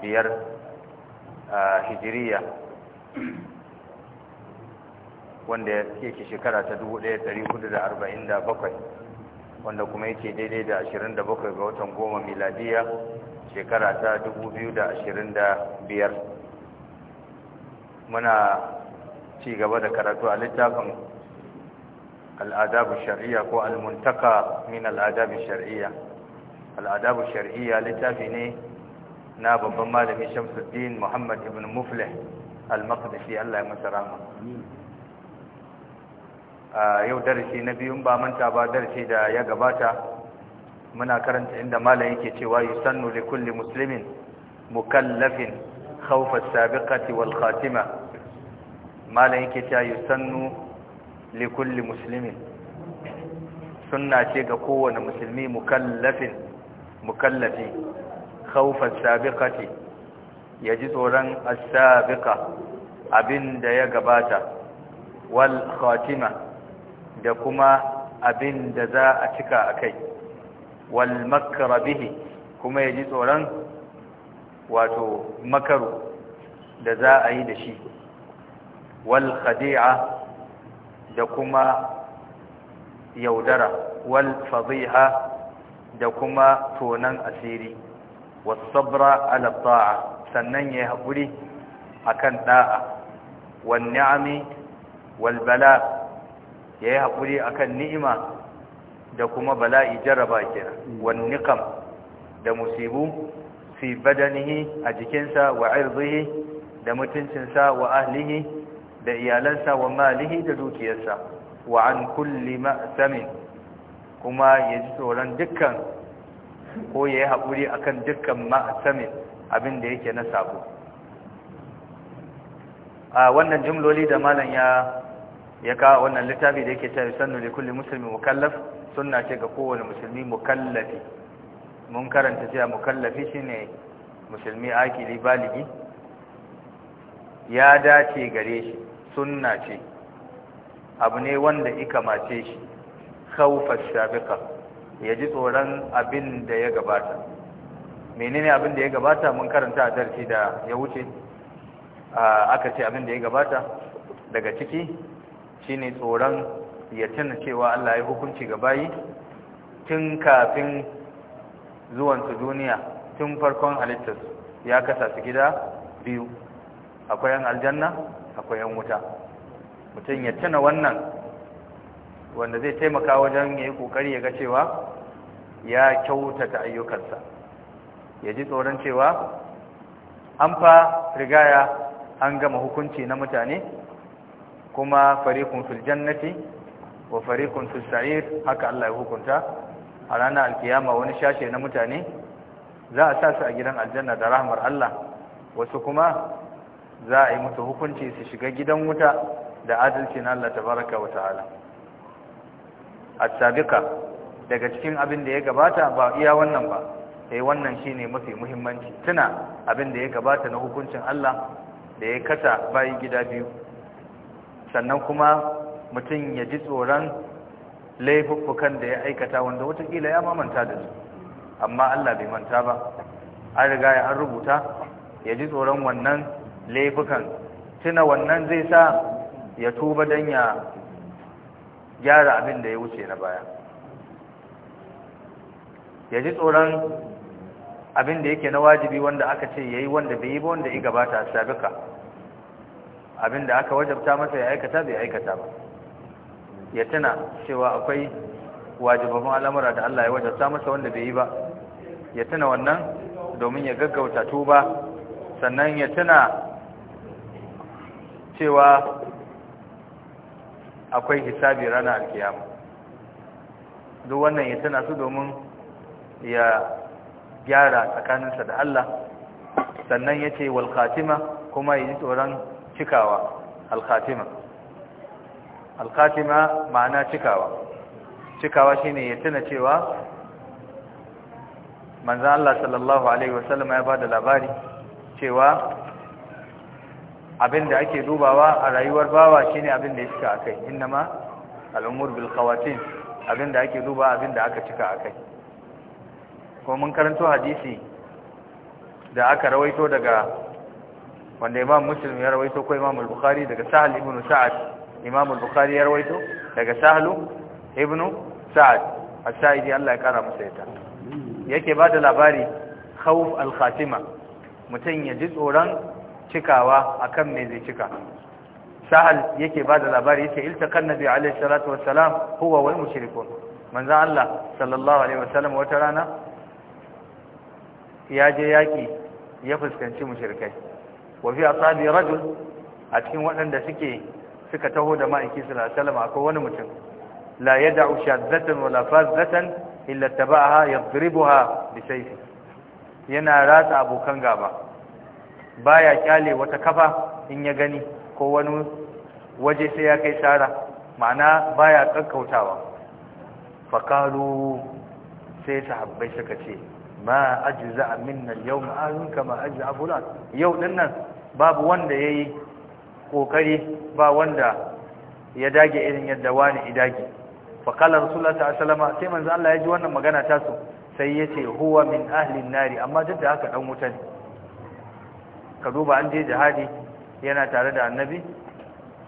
biyar hijiriya wanda ya yake shekara ta 1447 wanda kuma yake daidai da 27 ga watan goma miladiya shekara ta 2025 muna ci gaba da karatu a littafin al'adabu shari'a ko al-muntaka min al'adabu shari'a al'adabu shari'a littafi ne na babban malami Shamsuddin Muhammad ibn Muflih al-Maqdisi Allah ya masa rahama yau darasi na biyun ba manta ba darasi da ya gabata muna karanta inda malami yake cewa yusannu li kulli muslimin mukallafin khawfa as-sabiqati wal khatima yake cewa yusannu li kulli muslimin sunna ce ga kowane musulmi mukallafin mukallafi khawfa sabiqati ya ji tsoron as-sabiqa abinda ya gabata wal khatima da kuma abinda za a cika akai wal makra bihi kuma ya ji tsoron wato makaru da za a yi da shi wal khadi'a da kuma yaudara wal fadhiha da kuma tonan asiri wasabra ala ta'a sannan yayi hakuri akan da'a wan ni'ami wal bala yayi hakuri akan ni'ima da kuma bala'i jaraba kenan mm. wan niƙam. da musibu fi badanihi a jikinsa wa irdihi da mutuncinsa wa ahlihi da iyalansa wa malihi da dukiyarsa wa an kulli ma'samin kuma ya ji tsoron dukkan ko ya yi haƙuri a kan dukkan ma'asamin abin da yake na sabo a wannan jimloli da malam ya ya kawo wannan littafi da yake tare sannu da kulle musulmi mukallaf suna ce ga kowane musulmi mukallafi mun karanta cewa mukallafi shine musulmi akili baligi ya dace gare shi suna ce abu ne wanda ikamace shi khawfa sabiqa ya ji tsoron abin da ya gabata menene abin da ya gabata mun karanta a darsi da ya wuce aka ce abin da ya gabata daga ciki shine tsoron ya tana cewa Allah ya hukunci ga bayi tun kafin zuwansu duniya tun farkon halittar ya kasa su gida biyu akwai yan aljanna akwai yan wuta mutum ya cina wannan wanda zai taimaka wajen ya yi kokari ya ga cewa ya kyautata ayyukansa ya ji tsoron cewa an fa rigaya an gama hukunci na mutane kuma farikun filjannati wa farikun filsa'ir haka Allah ya hukunta a ranar alkiyama wani shashe na mutane za a sa su a gidan aljanna da rahmar Allah wasu kuma za a yi musu hukunci su shiga gidan wuta da adalci na Allah ta baraka wa ta'ala asabika daga cikin abin da ya gabata ba iya wannan ba sai eh, wannan shine mafi muhimmanci tuna abin da ya gabata na hukuncin Allah da ya kasa bayi gida biyu sannan kuma mutum ya ji tsoron laifuffukan da ya aikata wanda watakila ya mamanta da su amma Allah bai manta ba an riga ya an rubuta ya ji tsoron wannan laifukan tuna wannan zai sa ya tuba don ya gyara abin da ya wuce na baya ya ji tsoron abin da yake na wajibi wanda aka ce ya yi wanda bai yi ba wanda ya gabata a sabika abin da aka wajabta masa ya aikata bai aikata ba ya tuna cewa akwai wajibabin al'amura da Allah ya wajabta masa wanda bai yi ba ya tuna wannan domin ya gaggauta tuba sannan ya tuna cewa akwai hisabi rana alkiyama duk wannan ya tana su domin ya gyara tsakaninsa da Allah sannan ya ce walkatima kuma yi tsoron cikawa alkatima alkatima ma'ana cikawa cikawa shine ya tana cewa manzan Allah sallallahu Alaihi wasallama ya ba da labari cewa abin da ake dubawa a rayuwar bawa shine abin da ya cika a akai innama al'umur bil khawatim abin da ake duba abin da aka cika a kai. ko mun karanto hadisi da aka rawaito daga wanda Imam Muslim ya rawaito ko Imam Al-Bukhari daga Sahal ibn Sa'ad Imam Al-Bukhari ya rawaito daga sahal ibn Sa'ad As-Sa'idi Allah ya kara masa ita yake bada labari khawf al-khatima mutum ya ji tsoron cikawa akan me zai cika sahal yake bada labari yace iltaqanna bi alayhi salatu wassalam huwa wal mushrikun manzo Allah sallallahu alaihi wasallam wata rana ya je yaki ya fuskanci mushrikai wa fi asabi rajul a cikin waɗanda suke suka taho da ma'aiki sallallahu alaihi wasallam akwai wani mutum la yad'u shadzatan wala fazzatan illa tabaha yadribuha bi sayfi yana ratsa abokan gaba baya kyale wata kafa in ya gani ko wani waje sai ya kai shara ma'ana baya kakkautawa faqalu sai sahabbai suka ce ma ajza minna al-yawma ahun kama ajza abulat yau dinnan babu wanda yayi kokari ba wanda ya dage irin yadda wani idage faqala rasulullahi sallallahu alaihi wasallam sai manzo Allah ya ji wannan magana ta su sai yace huwa min ahli an-nari amma duk da haka dan wuta ne ka duba an je jihadi yana tare da annabi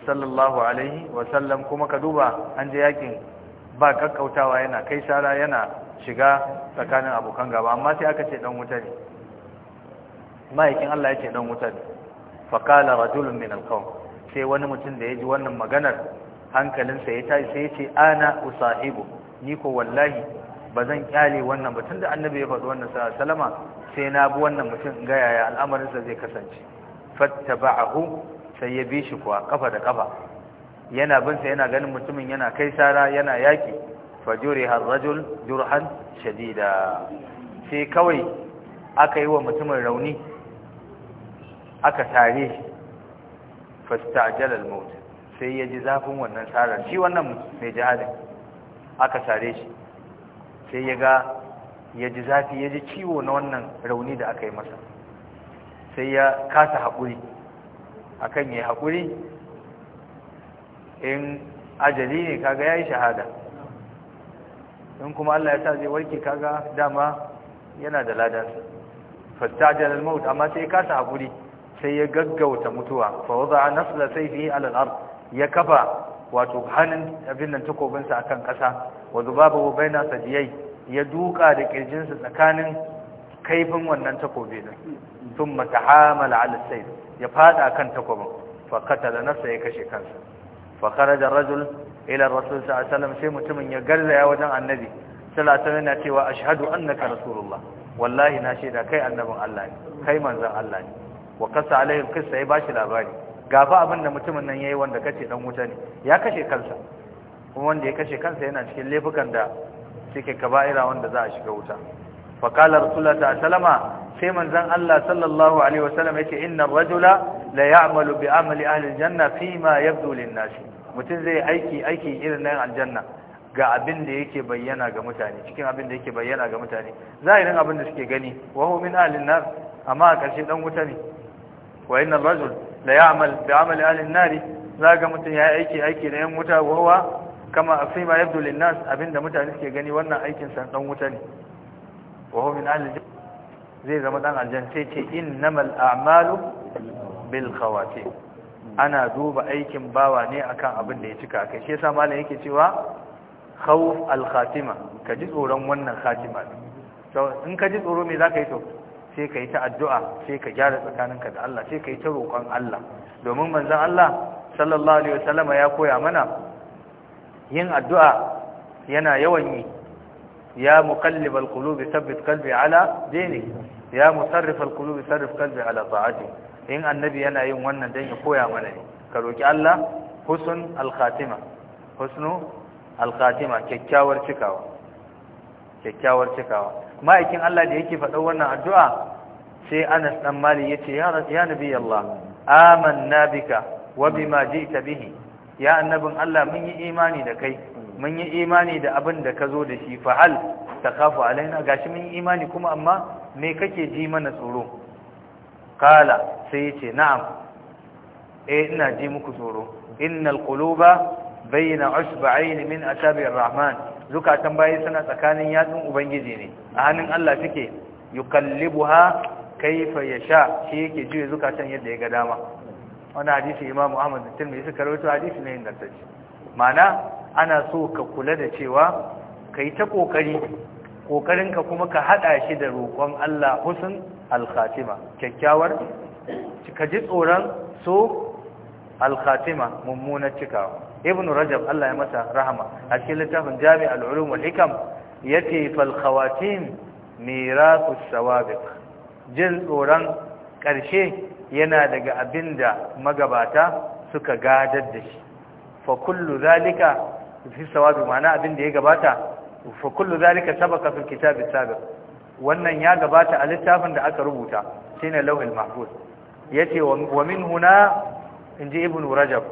sallallahu alaihi wasallam kuma ka duba an je yakin ba kakkautawa yana kai shara yana shiga tsakanin abokan gaba amma sai aka ce dan wuta ne ma'aikin Allah ya ce dan wuta ne faqala rajulun min alqawm sai wani mutum da ya ji wannan maganar hankalinsa ya tashi sai ya ce ana usahibu ni ko wallahi ba zan kyale wannan ba da annabi ya faɗi wannan sa salama sai na bi wannan mutum ga yaya al'amarinsa zai kasance fattaba'ahu sai ya bi shi kuwa kafa da kafa yana bin sa yana ganin mutumin yana kai sara yana yaki fajuri har rajul jurhan shadida sai kawai aka yi wa mutumin rauni aka tare shi fastajal al-maut sai ya ji zafin wannan sarar shi wannan mai jihadin aka tare shi sai ya ga ya ji zafi ya ji ciwo na wannan rauni da aka yi masa sai ya kasa haƙuri akan ya haƙuri in ajali ne kaga ya yi shahada in kuma Allah ya sa zai warke kaga dama yana da ladansa fastajal al-maut amma sai ya kasa hakuri sai ya gaggauta mutuwa fa a nasu da sai fiye ya kafa wato hannun abin nan takobinsa a kan ƙasa. wa zubabahu baina sajiyai ya duka da kirjinsa tsakanin kaifin wannan takobi din thumma tahamala ala sayf ya fada kan takobin fa da nafsa ya kashe kansa fa da rajul ila ar-rasul sallallahu sai mutumin ya garzaya wajen annabi sallallahu alaihi wasallam yana cewa ashhadu annaka rasulullah wallahi na shaida kai annabin Allah ne kai manzan Allah ne wa qasa alaihi al ya bashi labari gafa abin da mutumin nan yayi wanda kace dan wuta ne ya kashe kansa kuma wanda ya kashe kansa yana cikin laifukan da suke kaba'ira wanda za a shiga wuta fa qala rasulullahi sallama sai manzon Allah sallallahu alaihi wasallam yace inna ar-rajula la ya'malu bi amali ahli al-janna fima yabdu lin-nas mutum zai aiki aiki irin nan aljanna ga abin da yake bayyana ga mutane cikin abin da yake bayyana ga mutane zahirin abin da suke gani wa huwa min ahli an-nar amma a ƙarshe dan wuta ne wa inna ar-rajul la ya'mal bi amali ahli an-nar zaga mutum ya aiki aiki na yan wuta wa huwa kama fi ma yabdu linnas abinda mutane suke gani wannan aikin sa dan wuta ne wa huwa min ahli zai zama dan aljanna sai ce innamal a'malu bil khawati ana duba aikin bawa ne akan abin da ya cika kai shi yasa malam yake cewa khawf al khatima ka ji tsoron wannan khatima to in ka ji tsoro me zaka yi to sai ka yi ta addu'a sai ka gyara tsakaninka da Allah sai ka yi ta roƙon Allah domin manzon Allah sallallahu alaihi wasallam ya koya mana yin addu'a yana yawan yi ya muqallibal qulubi tabbit qalbi ala dini ya musarrifal qulubi sarrif qalbi ala ta'ati in annabi yana yin wannan dan ya koya mana ne ka roki Allah husn al-khatima husnu al-khatima kyakkyawar cikawa kyakkyawar cikawa ma'aikin Allah da yake faɗa wannan addu'a sai Anas dan Malik yace ya ya nabi Allah amanna bika wa bima ji'ta bihi ya annabin Allah mun yi imani da kai mun yi imani da abin da ka zo da shi fa'al ta kafa alaina gashi mun yi imani kuma amma me kake ji mana tsoro kala sai ya ce na'am eh ina ji muku tsoro innal quluba bayna usba'ayn min asabi'ir rahman zukatan bayi suna tsakanin yatsun ubangiji ne a hannun Allah suke yukallibuha kaifa yasha shi yake juye zukatan yadda ya ga dama wani hadisi imamu ahmad da tirmidhi suka rawaito hadisi ne ingantacce ma'ana ana so ka kula da cewa kai ta kokari kokarin ka kuma ka haɗa shi da roƙon Allah husn al-khatima kyakkyawar ka ji tsoron so al-khatima mummunar cikawa ibnu rajab Allah ya masa rahama a cikin littafin jami' al-ulum wal hikam yace fal khawatim mirasu sawabiq jin tsoron ƙarshe yana daga abin da magabata suka gadar da shi fa kullu zalika fi sawabi ma'ana abin da ya gabata fa kullu zalika sabaka fil kitabi sabiq wannan ya gabata a littafin da aka rubuta shine lawhil mahfuz yace wa min huna inji ibn rajab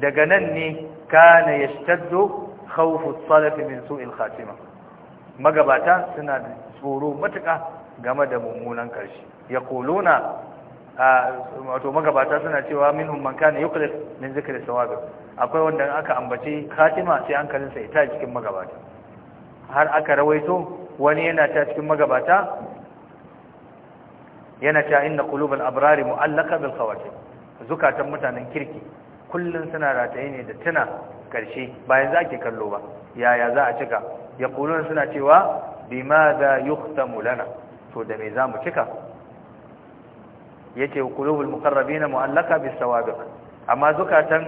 daga nan ne kana yashtaddu khawfu salaf min su'il khatima magabata suna tsoro matuka game da mummunan karshe yaquluna wato magabata suna cewa minhum man kana yuqlif min zikri sawabi akwai wanda aka ambaci katima sai hankalin sa ita cikin magabata har aka rawaito wani yana ta cikin magabata yana ta inna qulubal abrari mu'allaka bil khawatim zukatan mutanen kirki kullun suna rataye ne da tuna karshe bayan za ke kallo ba yaya za a cika yaquluna suna cewa bima za yuhtamu lana to da me za mu cika yace qulubul muqarrabina mu'allaka bis sawabiq amma zukatan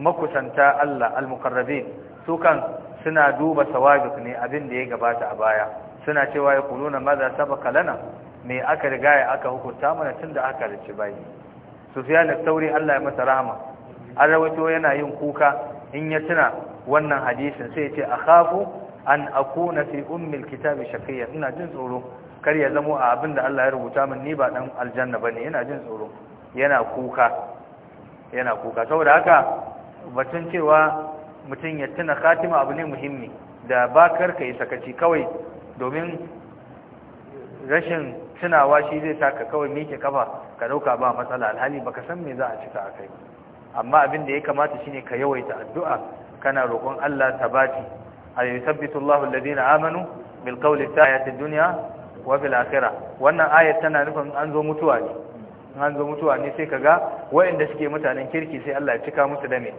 makusanta Allah al muqarrabin su kan suna duba sawabiq ne abin da ya gabata a baya suna cewa ya kuluna maza sabaka lana me aka riga ya aka hukunta mana tunda aka rici bai Sufyan al-Thawri Allah ya masa rahama an yana yin kuka in ya tuna wannan hadisin sai ya ce akhafu an akuna fi ummi al-kitabi shaqiyan ina jin tsoro kar ya zamo a abin da Allah ya rubuta min ni ba dan aljanna bane yana jin tsoro yana kuka yana kuka saboda haka batun cewa mutum ya tuna khatima abu ne muhimmi da ba karka yi sakaci kawai domin rashin tunawa shi zai ka kawai miƙe kafa ka dauka ba matsala alhali baka san me za a cika a kai amma abin da ya kamata shine ka yawaita addu'a kana roƙon Allah tabati ay yuthabbitu Allahu alladhina amanu bil qawli ta'ati dunya wa fil akhirah wannan ayat tana nufin an zo mutuwa ne an zo mutuwa ne sai kaga wayanda suke mutanen kirki sai Allah ya cika musu da me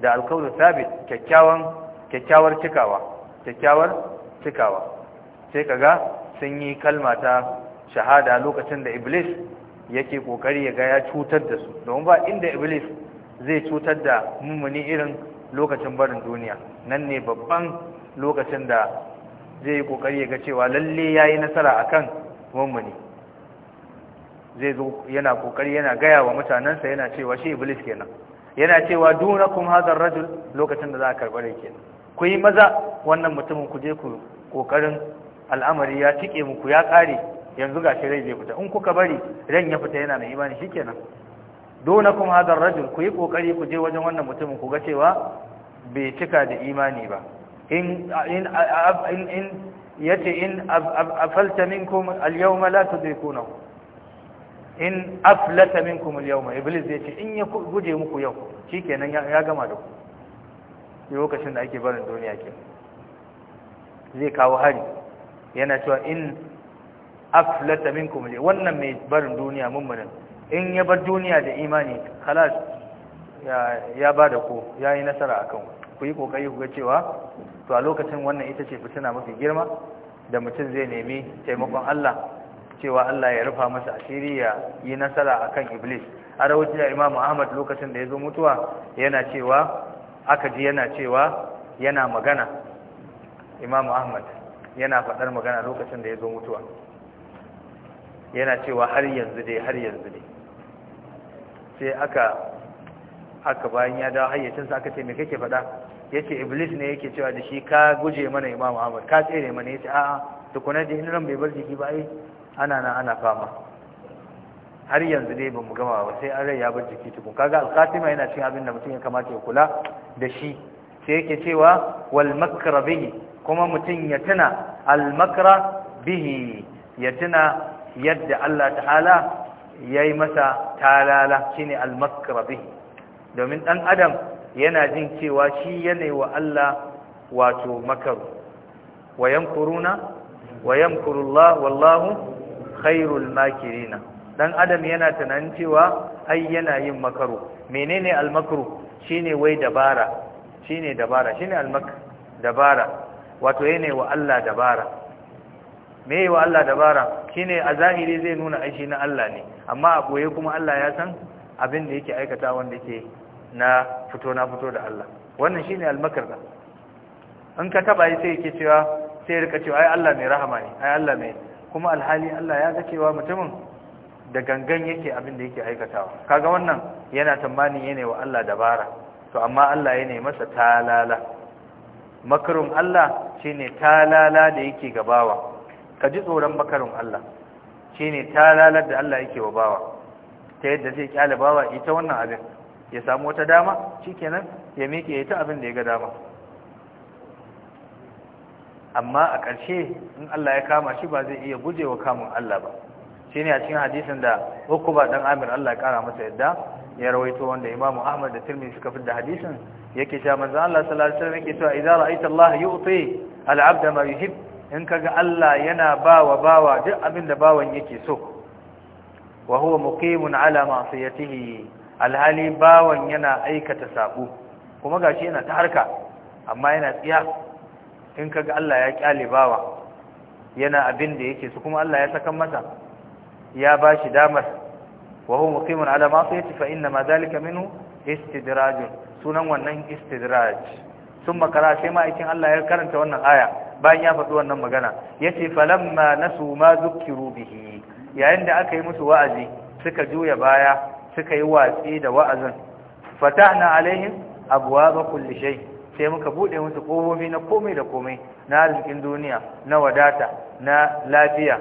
da alqawlu thabit kyakkyawan kyakkyawar cikawa kyakkyawar cikawa sai kaga sun yi kalma ta shahada lokacin da iblis yake kokari ya ga ya cutar da su don ba inda iblis zai cutar da mummuni irin lokacin barin duniya nan ne babban lokacin da zai yi kokari ya ga cewa lalle ya yi nasara a kan mummuni zai zo yana kokari yana gaya wa mutanensa yana cewa shi iblis kenan yana cewa kuma hazar rajul lokacin da za a karɓar yake kenan ku yi maza wannan mutumin ku je ku kokarin al'amari ya tike muku ya kare yanzu shi rai zai fita in kuka bari ran ya fita yana mai imani shikenan kuma hazar rajul ku yi kokari ku je wajen wannan mutumin ku ga cewa bai cika da imani ba in in in yace in afalta minkum alyawma la tudrikunahu in aflata minkum alyawma iblis yace in ya guje muku yau shikenan ya gama da ku lokacin da ake barin duniya ke zai kawo hari yana cewa in aflata minkum al wannan mai barin duniya mummunan in ya bar duniya da imani khalas ya ya bada ku yayi nasara akan ku ku yi kokari ku ga cewa to a lokacin wannan ita ce fitina mafi girma da mutum zai nemi taimakon Allah cewa Allah ya rufa masa asiri ya yi nasara akan iblis a rawaci da Imam Ahmad lokacin da ya zo mutuwa yana cewa aka ji yana cewa yana magana Imam Ahmad yana faɗar magana lokacin da ya zo mutuwa yana cewa har yanzu dai har yanzu dai sai aka haka bayan ya dawo hayyacinsa aka ce me kake faɗa yace iblis ne yake cewa da shi ka guje mana imamu ahmad ka tsere mana yace a'a tukuna da in ran bai bar jiki ba ai ana nan ana fama har yanzu dai bamu gama ba sai an rai ya bar jiki tukun kaga al yana cin abin da mutum ya kamata ya kula da shi sai yake cewa wal makra bihi kuma mutum ya tuna al makra bihi ya tuna yadda Allah ta'ala yayi masa talala shine al makra bihi domin ɗan adam yana jin cewa shi yana wa Allah wato makaru wa yamkuruna wa yamkurullah wallahu khairul makirina dan adam yana tunanin cewa ai yana yin makaru menene almakru shine wai dabara shine dabara shine almak dabara wato yana wa Allah dabara me wa Allah dabara shine a zahiri zai nuna aishi na Allah ne amma a boye kuma Allah ya san abin da yake aikata wanda yake na fito na fito da Allah wannan shine almakar da in ka taba yi sai yake cewa sai rika cewa ai Allah mai rahama ne ai Allah mai kuma alhali Allah ya ga cewa mutumin da gangan yake abin da yake aikatawa kaga wannan yana tambani yene wa Allah dabara to amma Allah yene masa talala makarun Allah shine talala da yake gabawa ka ji tsoron makarun Allah shine talalar da Allah yake wa bawa ta yadda zai kyale bawa ita wannan abin ya samu wata dama shikenan ya miƙe ya ta abin da ya ga dama amma a ƙarshe in Allah ya kama shi ba zai iya guje wa kamun Allah ba ne a cikin hadisin da uku ba ɗan Amir Allah ya kara masa yadda ya rawaito wanda Imam Ahmad da turmi suka fi da hadisin yake cewa manzan Allah sallallahu alaihi wasallam yake cewa idza ra'aita Allah yu'ti al-'abda ma yuhib in ga Allah yana bawa bawa duk abin da bawan yake so wa huwa muqimun ala ma'siyatihi alhali bawan yana aikata sabo kuma gashi yana ta harka amma yana tsiya in kaga Allah ya kyale bawa yana abin da yake su kuma Allah ya saka masa ya bashi damar wa huwa muqimun ala ma'siyati fa inna ma dhalika minhu istidraj sunan wannan istidraj sun makara sai ma'aikin Allah ya karanta wannan aya bayan ya faɗi wannan magana yace falamma nasu ma zukkiru bihi yayin da aka yi musu wa'azi suka juya baya suka yi watsi da wa'azin fatahna alaihim abwaaba kulli shay sai muka bude musu kofofi na komai da komai na arzikin duniya na wadata na lafiya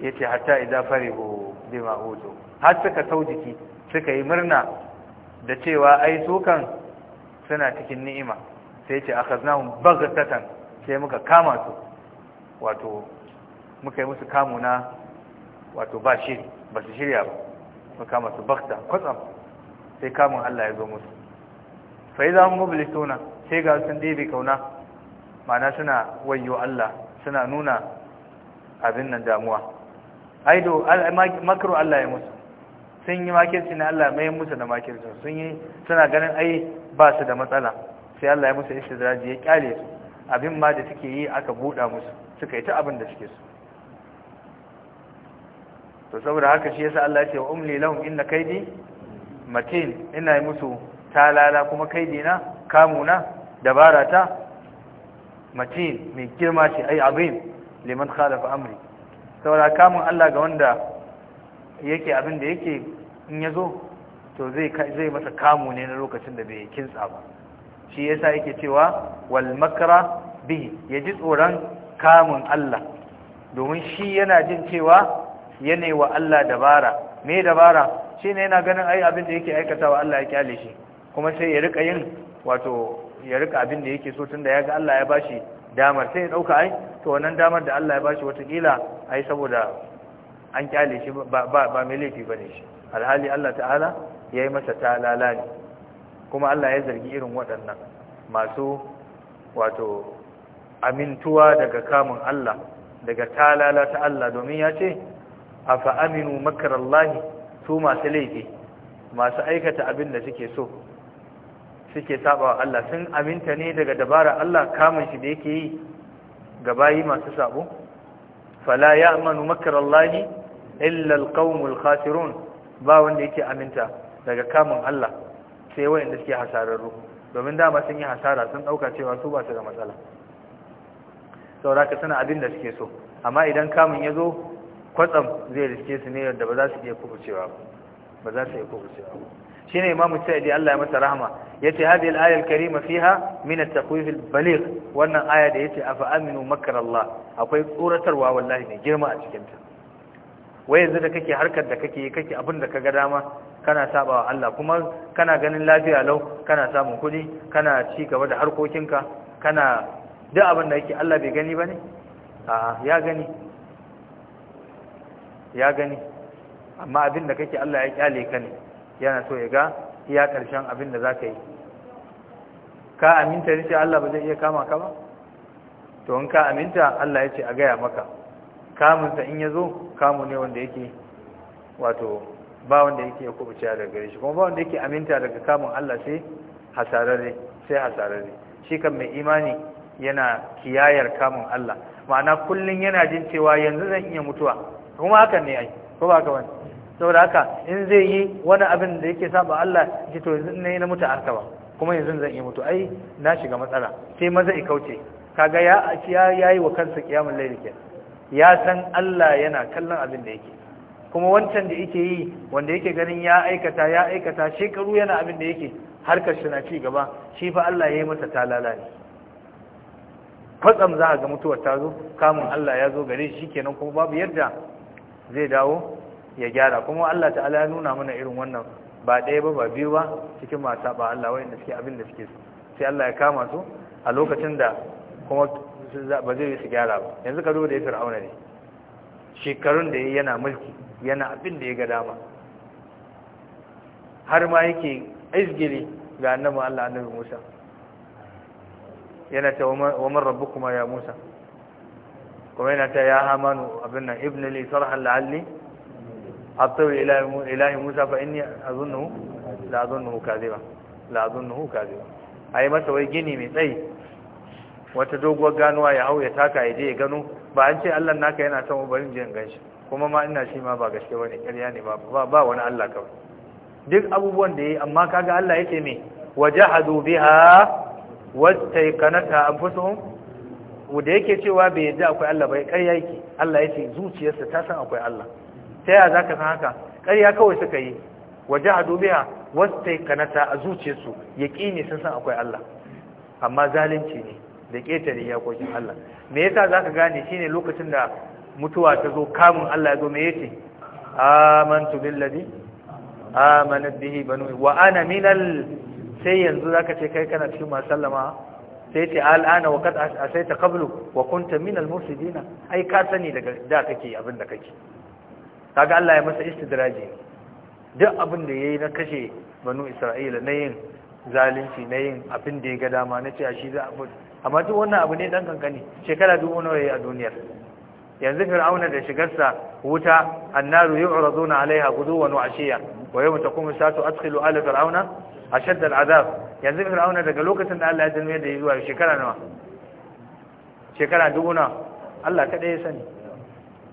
yace hatta idza farihu bima utu har suka saujiki suka yi murna da cewa ai sukan suna cikin ni'ima sai ce akhaznahum baghtatan sai muka kama su wato muka yi musu kamuna, wato ba shiri ba su shirya ba su kama su bakta kwatsam sai kamun Allah ya zo musu fai za mu mublisuna sai ga sun ɗebe kauna mana suna wayo Allah suna nuna abin nan damuwa aido makaru Allah ya musu sun yi makirci na Allah mai musu da makircin sun yi suna ganin ai ba su da matsala sai Allah ya musu istidraji ya kyale su abin ma da suke yi aka buɗa musu suka yi ta abin da suke su to saboda haka shi yasa Allah ya ce umli lahum inna kaidi matin ina yi musu talala kuma kaidi na kamuna dabara ta matin mai girma ce ai abin liman khalafa amri saboda kamun Allah ga wanda yake abin da yake in yazo to zai zai masa kamu ne na lokacin da bai kintsa ba shi yasa yake cewa wal makra bihi yaji tsoron kamun Allah domin shi yana jin cewa yana wa Allah dabara me dabara shine yana ganin ai abin da yake aikata wa Allah ya kyale shi kuma sai ya rika yin wato ya rika abin da yake so tun da ya ga Allah ya bashi damar sai ya dauka ai to wannan damar da Allah ya bashi watakila ai saboda an kyale shi ba ba mai laifi bane shi alhali Allah ta'ala ya yi masa talala ne kuma Allah ya zargi irin waɗannan masu wato amintuwa daga kamun Allah daga talala ta Allah domin ya ce afa aminu makarallahi su masu laifi masu aikata abin da suke so suke sabawa Allah sun aminta ne daga dabara Allah kamun shi da yake yi ga bayi masu sabo fala ya'manu makarallahi illa alqaumul khasirun ba wanda yake aminta daga kamun Allah sai wanda suke hasararru domin dama sun yi hasara sun dauka cewa su ba su da matsala saboda ka sana abin da suke so amma idan kamun ya zo kwatsam zai riske su ne da ba za su iya kubucewa ba za su iya kubucewa ne imamu sa'idi Allah ya masa rahama yace ce al-aya al-karima fiha min at-taqwif al-baligh wannan aya da yace afa aminu Makaralla, Allah akwai tsoratarwa wallahi mai girma a cikin ta wai yanzu da kake harkar da kake kake abin da ka ga dama kana sabawa Allah kuma kana ganin lafiya lau kana samun kuɗi kana ci gaba da harkokinka kana duk abin da yake Allah bai gani bane a ya gani ya gani amma abin da kake Allah ya kyale ka ne yana so ya ga iya karshen abin da za ka yi ka aminta ne Allah ba zai iya kama ka ba to in ka aminta Allah ya ce a gaya maka kamunsa in ya zo kamu ne wanda yake wato ba wanda yake ya kubuce daga gare shi kuma ba wanda yake aminta daga kamun Allah sai hasararre sai hasararre shi kan mai imani yana kiyayar kamun Allah ma'ana kullum yana jin cewa yanzu zan iya mutuwa kuma hakan ne ai ko ba ka wani saboda haka in zai yi wani abin da yake saba Allah ji to yanzu ne na mutu ba, kuma yanzu zan yi mutu ai na shiga matsala sai maza i kauce kaga ya ya yayi wa kansa kiyamul layl ke ya san Allah yana kallon abin da yake kuma wancan da yake yi wanda yake ganin ya aikata ya aikata shekaru yana abin da yake harkar shi na ci gaba shi fa Allah yayi masa talala ne kwatsam za a ga mutuwar ta zo kamun Allah ya zo gare shi kenan kuma babu yadda zai dawo ya gyara kuma Allah ta'ala ya nuna mana irin wannan ba ɗaya ba ba biyu ba cikin mata ba Allah da suke abin da suke sai Allah ya kama su a lokacin da kuma ba zai yi su gyara ba yanzu ka da ya fir'auna ne shekarun da ya yana mulki yana abin da ya ga dama har ma yake aizgiri ga annabi Allah annabi Musa yana ta wa man rabbukuma ya Musa kuma yana ta ya hamanu abin nan ibn li sarhan la'alli attawi ilahi musa fa inni azunnu la azunnu kadhiba la azunnu kadhiba ai masa wai gini mai tsayi wata doguwar ganuwa ya hau ya taka ya je ya gano ba an ce Allah naka yana son ubarin jin ganshi kuma ma ina shi ma ba gaske bane ƙarya ne ba ba wani Allah kawai duk abubuwan da yayi amma kaga Allah yake me wajahadu biha wastaykanata anfusuhum wanda yake cewa bai yadda akwai Allah bai ƙarya yake Allah ya ce zuciyarsa ta san akwai Allah ta yaya za ka san haka ƙarya kawai suka yi waje a dubiya wasu ta yi kanata a zuciyarsu ya ƙi ne sun san akwai Allah amma zalunci ne da ƙetare iyakokin Allah me yasa za ka gane shine lokacin da mutuwa ta zo kamun Allah ya zo me yace amantu billadi amanat bihi banu wa ana minal sai yanzu za ka ce kai kana cikin masallama sai ce al'ana wa sai ta kablu wa kunta min al ai ka sani daga da kake abin da kake ga Allah ya masa istidraji duk abin da yayi na kashe banu Isra'ila na yin zalunci na yin abin da ya ga dama na ce a shi za a amma duk wannan abu ne dan kankani shekara dubu nawa yayi a duniyar yanzu fir'auna da shigarsa wuta annaru yu'raduna alaiha guduwan wa ashiya wa yawma taqumu sa'atu adkhilu ala fir'auna ashadda al'adab yanzu fir'auna daga lokacin da Allah ya dinne da zuwa shekara nawa shekara dubu nawa Allah kadai ya sani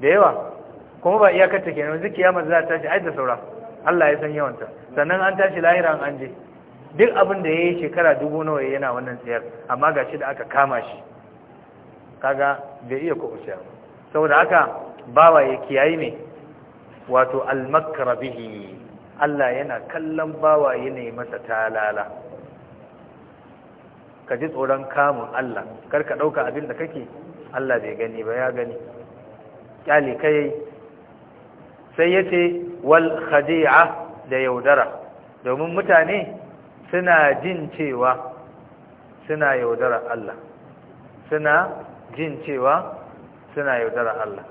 da yawa kuma ba iyakar ta kenan yanzu kiyama za ta ci aida da saura Allah ya san yawanta sannan an tashi lahiran an je duk abin da yayi shekara dubu nawa yana wannan tsayar amma gashi da aka kama shi kaga bai iya kuɓuce ba saboda haka bawa ya kiyaye ne wato almakarabihi bihi Allah yana kallon bawa ya ne masa talala ka ji tsoron kamun Allah kar ka ɗauka abin da kake Allah bai gani ba ya gani ƙyale kai sai yace wal khadi'a da yaudara domin mutane suna jin cewa suna yaudara Allah suna jin cewa suna yaudara Allah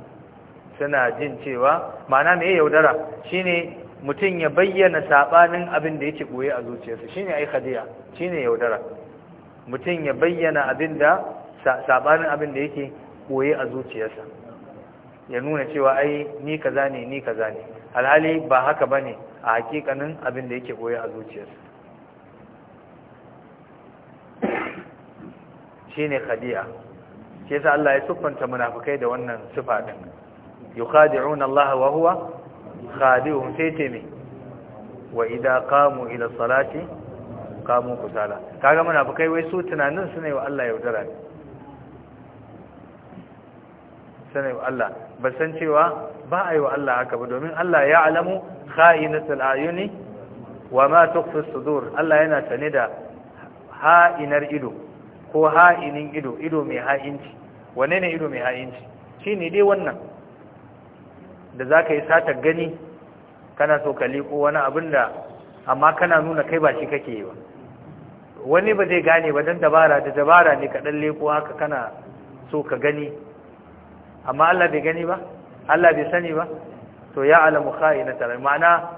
suna jin cewa ma'ana me yaudara shine mutum ya bayyana sabanin abin da yake boye a zuciyarsa shine ai khadiya shine yaudara mutum ya bayyana abin da sabanin abin da yake boye a zuciyarsa ya nuna cewa ai ni kaza ne ni kaza ne alhali ba haka bane a hakikanin abin da yake boye a zuciyarsa shine khadiya ke sa Allah ya siffanta munafukai da wannan sifa din yukhadi'una Allah wa huwa khadi'uhum sai ce wa idza qamu ila salati qamu kusala kaga munafukai wai su tunanin su ne wa Allah yaudara ne sune wa Allah ba san cewa ba a yi wa Allah haka ba domin Allah ya alamu kha'inatul ayuni wa ma tukhfi sudur Allah yana tane da ha'inar ido ko ha'inin ido ido mai ha'inci wane ne ido mai ha'inci shi ne dai wannan da za ka yi satar gani kana so ka liko wani abin da amma kana nuna kai ba shi kake yi ba wani ba zai gane ba don dabara da dabara ne ka ɗan leko haka kana so ka gani amma Allah bai gani ba Allah bai sani ba to ya alamu kha'inatar ma'ana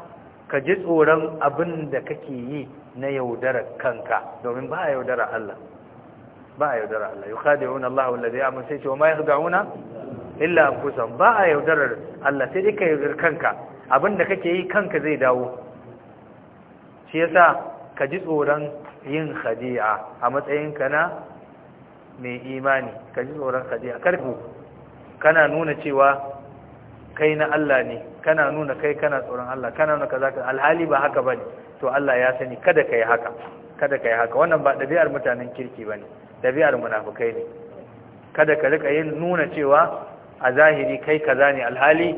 ka ji tsoron abin da kake yi na yaudarar kanka domin ba a yaudarar Allah ba a yaudarar Allah yi kada yawon Allah wanda zai amince ce wa ma ya gauna illa kusan ba a yaudarar Allah sai ika yaudar kanka abinda kake yi kanka zai dawo shi yasa ka ji tsoron yin khadi'a a matsayinka na mai imani ka ji tsoron khadi'a karfu kana nuna cewa kai na Allah ne kana nuna kai kana tsoron Allah kana nuna kaza ka alhali ba haka bane to Allah ya sani kada kai haka kada kai haka wannan ba ɗabi'ar mutanen kirki bane dabi'ar munafukai ne kada ka rika yin nuna cewa a zahiri kai kaza ne alhali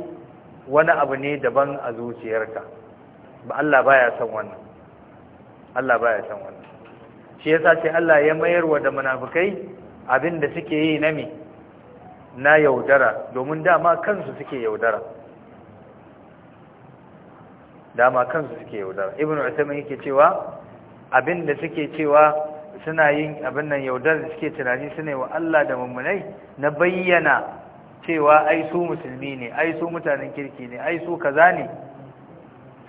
wani abu ne daban a zuciyarka ba Allah baya son wannan Allah baya son wannan shi yasa sai Allah ya mayarwa da munafukai abin da suke yi na me na yaudara domin dama kansu suke yaudara dama kansu suke yaudara ibnu usman yake cewa abin da suke cewa suna yin abin nan yaudar da suke tunani su ne wa Allah da mummunai na bayyana cewa ai su musulmi ne ai su mutanen kirki ne ai su kaza ne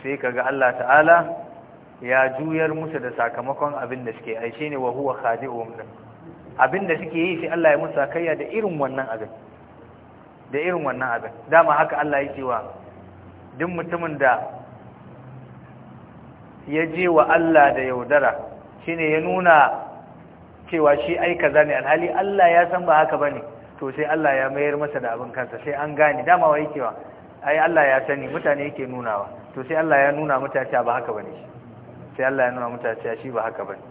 sai kaga Allah ta'ala ya juyar musu da sakamakon abin da suke ai shine wa huwa khadi'uhum abin da suke yi sai Allah ya musu sakayya da irin wannan abin da irin wannan abin dama haka Allah yake wa duk mutumin da ya je wa Allah da yaudara ne ya nuna cewa shi aika zane alhali Allah ya san ba haka ba ne, to sai Allah ya mayar masa da abin kansa sai an gane dama wa yake wa ai Allah ya sani mutane yake nunawa to sai Allah ya nuna mutane ba haka ba ne, sai Allah ya nuna mutane shi ba haka ba ne.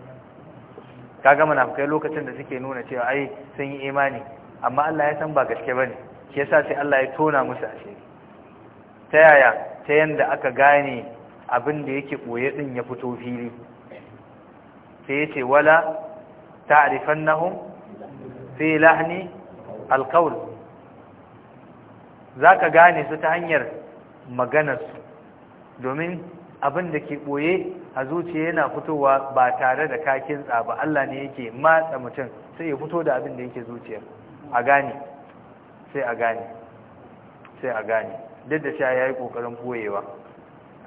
gama na munafikai lokacin da suke nuna cewa ai sun yi imani amma Allah ya san ba gaske ba ne shi yasa sai Allah ya tona musu asiri ta yaya ta yanda aka gane abin da yake koye din ya fito fili sai yace wala sai fi lahni alqawl zaka gane su ta hanyar maganar su domin abin da ke boye a zuciya yana fitowa ba tare da kakin tsaba Allah ne yake matsa mutum sai ya fito da abin da yake zuciya a gane sai a gane sai a gane duk da ya yi kokarin boyewa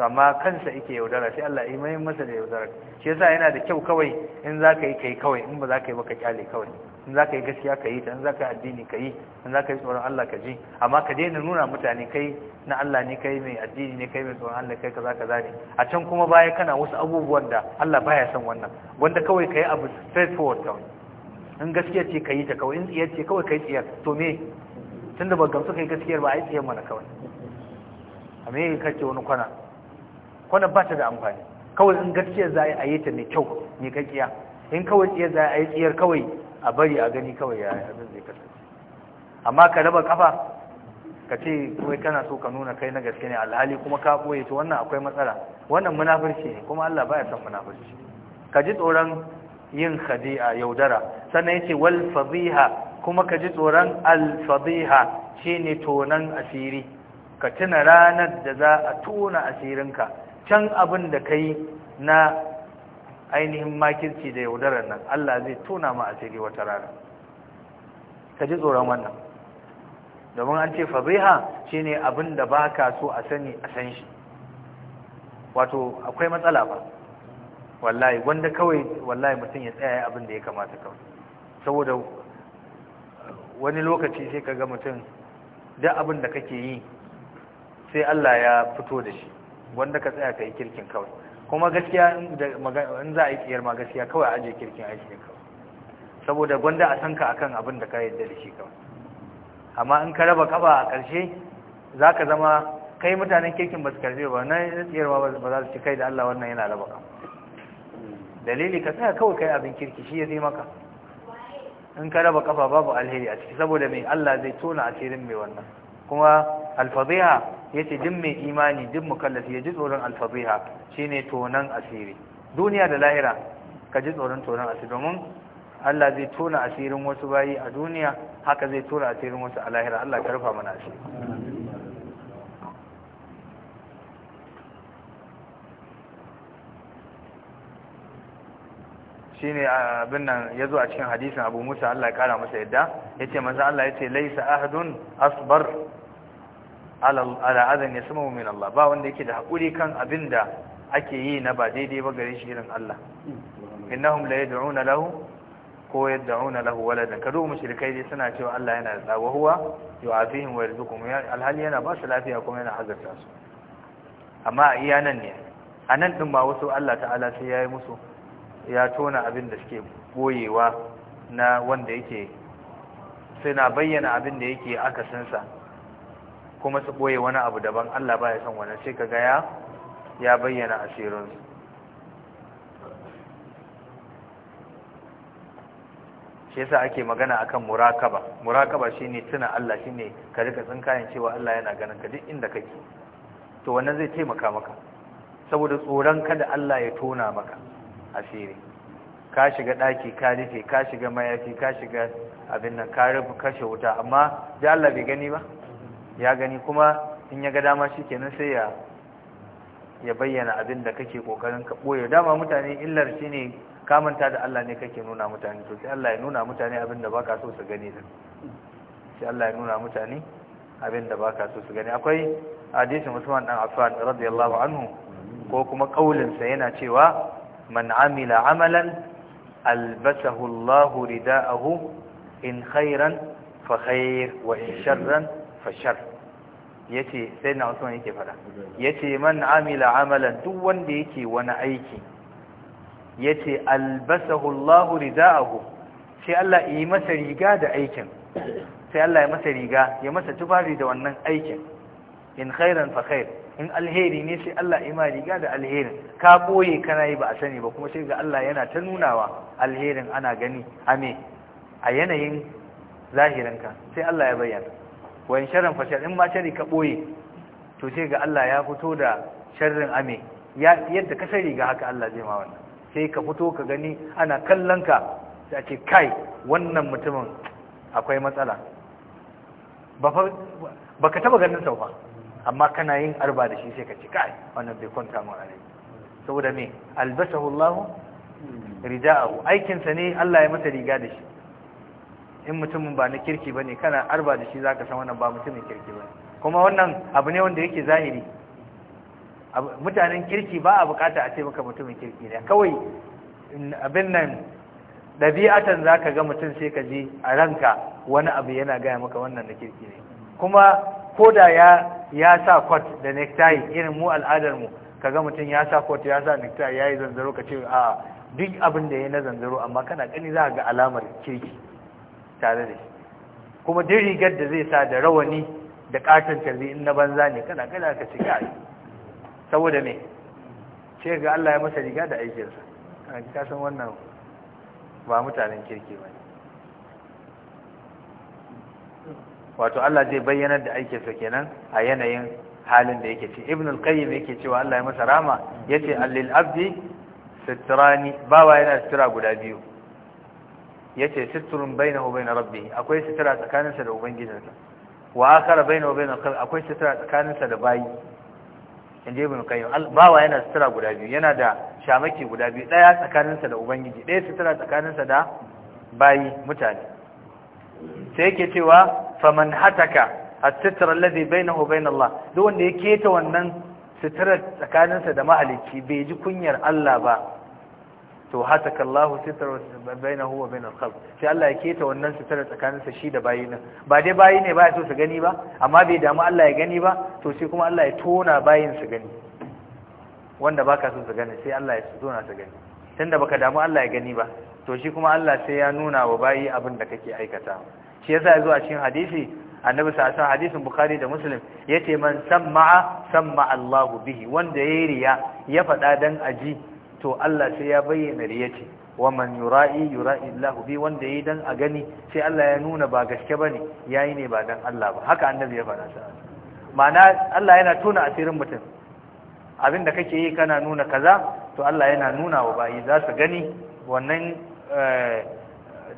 amma kansa yake yaudara sai Allah ya mai masa da yaudara shi yasa yana da kyau kawai in zaka yi kai kawai in ba zaka yi ba ka kyale kawai in zaka yi gaskiya ka yi ta in zaka yi addini ka yi in zaka yi tsoron Allah ka ji amma ka daina nuna mutane kai na Allah ne kai mai addini ne kai mai tsoron Allah kai kaza kaza ne a can kuma baya kana wasu abubuwan da Allah baya son wannan wanda kawai kai abu straightforward kawai in gaskiya ce ka yi ta kawai in tsiyar ce kawai kai tsiyar to me tunda ba gamsu kai gaskiyar ba ai tsiyar mana kawai a me kake wani kwana wannan ba ta da amfani kawai in gaskiya za a yi ta mai kyau mai kakkiya in kawai tsiyar za a yi tsiyar kawai a bari a gani kawai ya abin zai kasance amma ka raba kafa ka ce wai kana so ka nuna kai na gaske ne alhali kuma ka koye to wannan akwai matsala wannan munafurci ne kuma Allah baya son munafurci ka ji tsoron yin khadi'a yaudara sannan yace wal fadhiha kuma ka ji tsoron al fadhiha shine tonan asiri ka tuna ranar da za a tona asirinka can abin da kai na ainihin makirci da yaudarar nan Allah zai tona ma asiri wata rana ka ji tsoron wannan domin an ce fabiha ne abin da baka so a sani a san shi wato akwai matsala ba wallahi wanda kawai wallahi mutum ya tsaya abin da ya kamata kawai saboda wani lokaci sai ka ga mutum duk abin da kake yi sai Allah ya fito da shi wanda ka tsaya ka yi kirkin kawai kuma gaskiya in za a yi tsayar ma gaskiya kawai a ajiye kirkin aiki ne kawai saboda gwanda a sanka akan abin da ka yadda da shi kawai amma in ka raba kaba a ƙarshe za ka zama kai mutanen kirkin ba su karfe ba na tsayar ba za su ci kai da Allah wannan yana raba ka dalili ka tsaya kawai kai abin kirki shi ya zai maka in ka raba kafa babu alheri a ciki saboda mai Allah zai tona asirin mai wannan kuma alfadiha yace duk mai imani duk mukallafi ya ji tsoron alfabiha shine tonon asiri duniya da lahira ka ji tsoron tonon asiri domin Allah zai tona asirin wasu bayi a duniya haka zai tona asirin wasu a lahira Allah ka rufa mana asiri shi ne abin nan ya zo a cikin hadisin Abu Musa Allah ya kara masa yadda ya ce manzo Allah ya ce laisa ahadun asbar ala azan ya yasmu min Allah ba wanda yake da hakuri kan abin da ake yi na ba daidai ba gare shi irin Allah innahum la yad'una lahu ko yad'una lahu waladan kado mushrikai dai suna cewa Allah yana da wa huwa yu'afihim wa yarzuquhum alhali yana ba su lafiya kuma yana azurta su amma a iya nan ne anan din ba wasu Allah ta'ala sai yayi musu ya tona abin da suke goyewa na wanda yake suna bayyana abin da yake aka sansa kuma su ɓoye wani abu daban Allah ba ya son wannan sai ka gaya ya bayyana asirinsu shi yasa ake magana akan murakaba murakaba shine tuna Allah shine ka rika tsinkayen cewa Allah yana ganin ka duk inda kake to wannan zai taimaka maka saboda tsoron kada Allah ya tona maka asiri ka shiga ɗaki ka rufe ka shiga mayafi ka shiga abin nan ka rufe kashe wuta amma da Allah bai gani ba ya gani kuma in ya ga dama shi kenan sai ya ya bayyana abin da kake kokarin ka boye dama mutane illar shi ne kamanta da Allah ne kake nuna mutane to sai Allah ya nuna mutane abin da baka so su gani din sai Allah ya nuna mutane abin da baka so su gani akwai hadisi Usman dan Affan radiyallahu anhu ko kuma kaulin sa yana cewa man amila amalan albasahu Allah ridaahu in khairan fa khair wa in sharran fa shar yace sai na usman yake fada yace man amila amalan duk wanda yake wani aiki yace albasahu Allah ridaahu sai Allah yi masa riga da aikin sai Allah ya masa riga ya masa tufari da wannan aikin in khairan fa khair in alheri ne sai Allah yi ma riga da alherin ka boye kana yi ba a sani ba kuma sai ga Allah yana ta nunawa alherin ana gani ame a yanayin zahirinka sai Allah ya bayyana wani sharan fa in ma shari ka boye to sai ga Allah ya fito da sharrin ame yadda ka sani ga haka Allah zai ma wannan sai ka fito ka gani ana kallon ka sai ce kai wannan mutumin akwai matsala ba ka taba ganin sau ba amma kana yin arba da shi sai ka ce kai wannan bai kwanta mu a rai saboda me albasahu Allah Rijaahu aikinsa ne Allah ya masa riga da shi in mutumin ba na kirki ba ne kana arba da shi za ka san wannan ba mutumin kirki ba kuma wannan abu ne wanda yake zahiri mutanen kirki ba a bukata a ce maka mutumin kirki ne kawai abin nan ɗabi'atan za ka ga mutum sai ka ji a ranka wani abu yana gaya maka wannan na kirki ne kuma ko da ya sa kwat da nektai irin mu al'adar mu ka ga mutum ya sa kwat ya sa nektai ya yi zanzaro ka ce a duk abin da ya na zanzaro amma kana gani za ga alamar kirki tare da shi kuma dai rigar da zai sa da rawani da katon tarzi in na banza ne kana kada ka ci kai saboda me ce ga Allah ya masa riga da aikinsa ka san wannan ba mutanen kirki ba wato Allah zai bayyanar da aikinsa kenan a yanayin halin da yake ci ibn al-qayyim yake cewa Allah ya masa rama yace allil abdi sitrani bawa yana sitra guda biyu yace sitrun bainahu na rabbi akwai sitira tsakaninsa da ubangijinsa wa akhara bainahu na al akwai sitira tsakaninsa da bayi je ibn qayyim bawa yana sitira guda biyu yana da shamaki guda biyu daya tsakaninsa da ubangiji daya sitira tsakaninsa da bayi mutane sai yake cewa faman hataka as-sitra alladhi bainahu bain Allah duk wanda ya keta wannan sitira tsakaninsa da mahalicci bai ji kunyar Allah ba to hataka Allahu sitara bainahu wa bainal khalq sai Allah ya keta wannan sitara sa shi da bayi nan ba dai bayi ne ba ya so su gani ba amma bai damu Allah ya gani ba to sai kuma Allah ya tona bayin su gani wanda baka so su gani sai Allah ya tona su gani tunda baka damu Allah ya gani ba to shi kuma Allah sai ya nuna wa bayi abin da kake aikata shi yasa yazo a cikin hadisi annabi sa alaihi hadisin bukhari da muslim yace man samma samma Allahu bihi wanda yayi riya ya fada dan aji to Allah sai ya bayyana riyace wa man yura'i yura'i Allah bi wanda yayi dan a gani sai Allah ya nuna ba gaske bane yayi ne ba dan Allah ba haka annabi ya faɗa sa ma'ana Allah yana tona asirin mutum abin da kake yi kana nuna kaza to Allah yana nuna wa bayi za su gani wannan eh,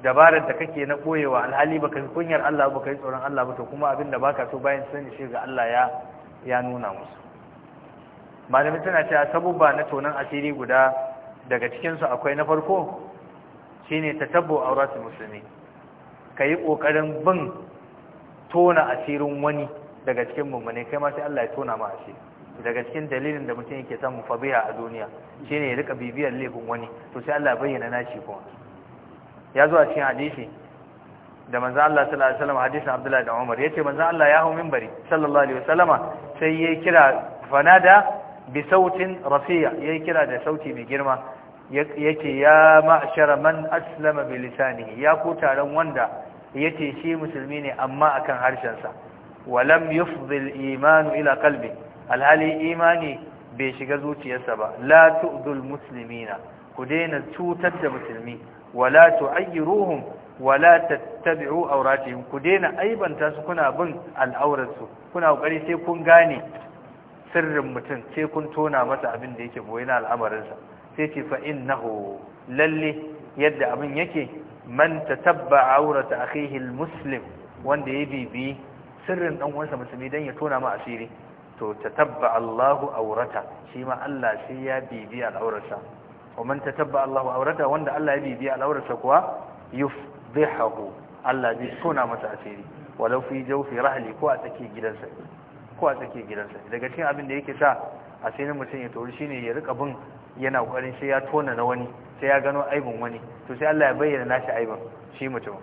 dabarar da kake na koyewa alhali baka kunyar Allah baka yi tsoron Allah ba to kuma abin da baka so bayan sani shi ga Allah ya ya nuna musu malamai suna cewa sabubba na tonan asiri guda daga cikinsu akwai na farko shine tatabbu auratul muslimi kai kokarin bin tona asirin wani daga cikin mummune kai ma sai Allah ya tona ma asiri daga cikin dalilin da mutum yake samun fabiha a duniya shine ya rika bibiyar laifin wani to sai Allah bayyana nashi kuma ya zo a cikin hadisi da manzo Allah sallallahu alaihi wasallam hadisin Abdullah da Umar yace manzo Allah ya hau minbari sallallahu alaihi wasallama sai ya kira fanada Bisautin Rafiya ya yayi kira da sauti mai girma yake ya ma'shara man aslama bilisani ya ku taron wanda ce shi musulmi ne amma akan harshensa walam yufdi imanu iman ila kalbi alhali imani bai shiga zuciyarsa ba la tu'dul muslimina ku daina cutar da musulmi wala ruhu wala tattabi'u awratihim ku daina aibanta su kuna bin al'aurarsu, kuna kokari sai kun gane sirrin mutum ce kun tona masa abin da yake boye na al'amarinsa sai ce fa lalle yadda abin yake man tatabba aurata akhihi almuslim wanda ya bibi sirrin ɗanwansa musulmi dan ya tona ma asiri to tabba Allahu aurata shi ma Allah sai ya bibi al'aurarsa ومن تتبع bibi al'aurarsa kuwa yuf يبي بي عورته كوا masa asiri يكون متأثيري ولو في جوف ko a تكي gidansa. ko a tsakiyar gidansa daga cikin abin da yake sa a sai mutum ya tori shine ya rika bin yana kokarin sai ya tona na wani sai ya gano aibin wani to sai Allah ya bayyana nashi aibin shi mutum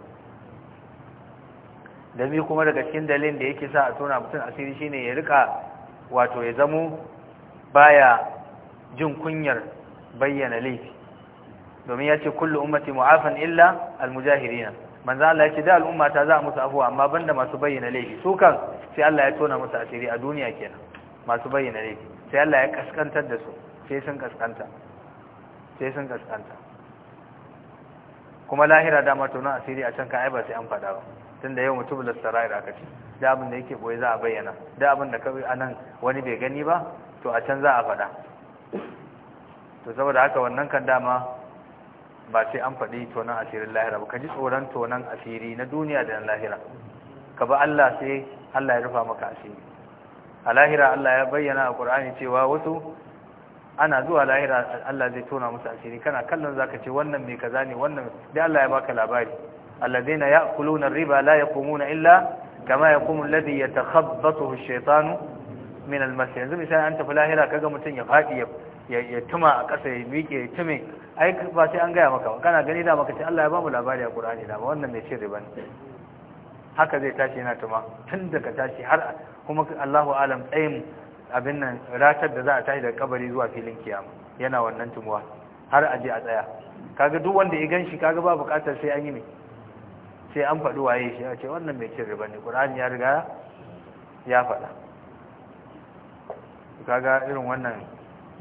da mi kuma daga cikin dalilin da yake sa a tona mutum asiri shine ya rika wato ya zamo baya jin kunyar bayyana laifi domin ya ce kullu ummati mu'afan illa al-mujahiri almujahirina manzo Allah yake da al'umma ta za musu afuwa amma banda masu bayyana laifi su kan sai Allah ya tona musu asiri a duniya kenan masu bayyana laifi sai Allah ya kaskantar da su sai sun kaskanta sai sun kaskanta kuma lahira dama tona asiri a can kan ai ba sai an fada ba tunda yau mutum sarair aka ce da abin da yake boye za a bayyana da abin da kai anan wani bai gani ba to a can za a faɗa to saboda haka wannan kan dama ba sai an faɗi tonan asirin lahira ba ka ji tsoron tonan asiri na duniya da na lahira ka ba Allah sai Allah ya rufa maka asiri a lahira Allah ya bayyana a kur'ani cewa wasu ana zuwa lahira Allah zai tona musu asiri kana kallon zaka ce wannan mai kaza ne wannan dai Allah ya baka labari na ya'kuluna ar-riba la yaqumuna illa kama yaqumu alladhi yatakhabbathu ash-shaytanu min al-mas yanzu misali an tafi lahira kaga mutum ya faɗi ya ya tuma a ƙasa ya miƙe ya tume ai ba sai an gaya maka ba kana gani da maka ce Allah ya ba mu labari a Qur'ani da wannan mai ba ne haka zai tashi yana tuma tun daga tashi har kuma Allahu alam tsayin abin nan ratar da za a tashi daga kabari zuwa filin kiyama yana wannan tumuwa har a je a tsaya kaga duk wanda ya ganshi kaga ba buƙatar sai an yi ne sai an faɗi waye shi a ce wannan mai cin riba ne ƙur'ani ya riga ya faɗa kaga irin wannan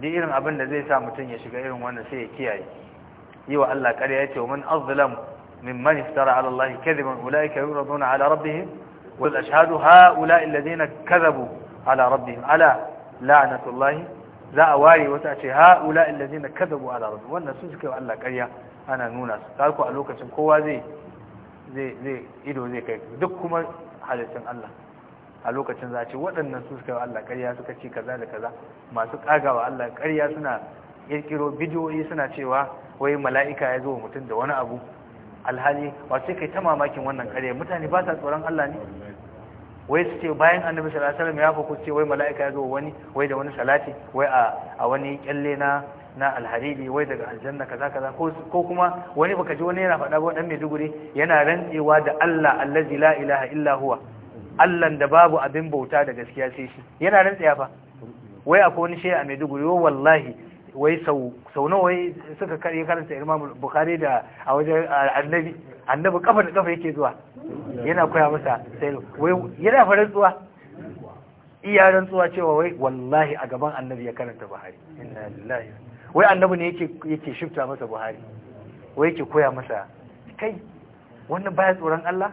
duk irin abin da zai sa mutum ya shiga irin wannan sai ya kiyaye yi wa Allah ƙarya yace man azlam min iftara ala Allah kadiban ulaika yuraduna ala rabbihim wal ashhadu haula alladhina kadhabu ala rabbihim ala la'natullah za a ware wata ce haula alladhina kadhabu ala rabbihim wannan sun suka yi Allah ƙarya ana nuna su ko a lokacin kowa zai zai ido zai kai duk kuma halittun Allah a lokacin zaci, waɗannan su suka yi Allah ƙarya suka ce kaza da kaza masu ƙagawa Allah ƙarya suna ƙirƙiro bidiyoyi suna cewa wai mala'ika ya zo mutum da wani abu alhali ba sai kai ta mamakin wannan ƙarya mutane ba sa tsoron Allah ne wai su ce bayan annabi sallallahu alaihi wasallam ya fa ce wai mala'ika ya zo wani wai da wani salati wai a a wani kyalle na na alhariri wai daga aljanna kaza kaza ko kuma wani baka ji wani yana faɗa ba dan Maiduguri yana rantsewa da Allah allazi la ilaha illa huwa Allah da babu abin bauta da gaskiya sai shi yana rantsa fa wai akwai wani shi a Maiduguri wallahi wai sau sau nawa wai suka kare karanta Imam Bukhari da a wajen Annabi Annabi kafa da kafa yake zuwa yana koya masa sai wai yana fara zuwa iya rantsuwa cewa wai wallahi a gaban Annabi ya karanta Buhari inna lillahi wai Annabi ne yake yake shifta masa Buhari wai yake koya masa kai wannan baya tsoron Allah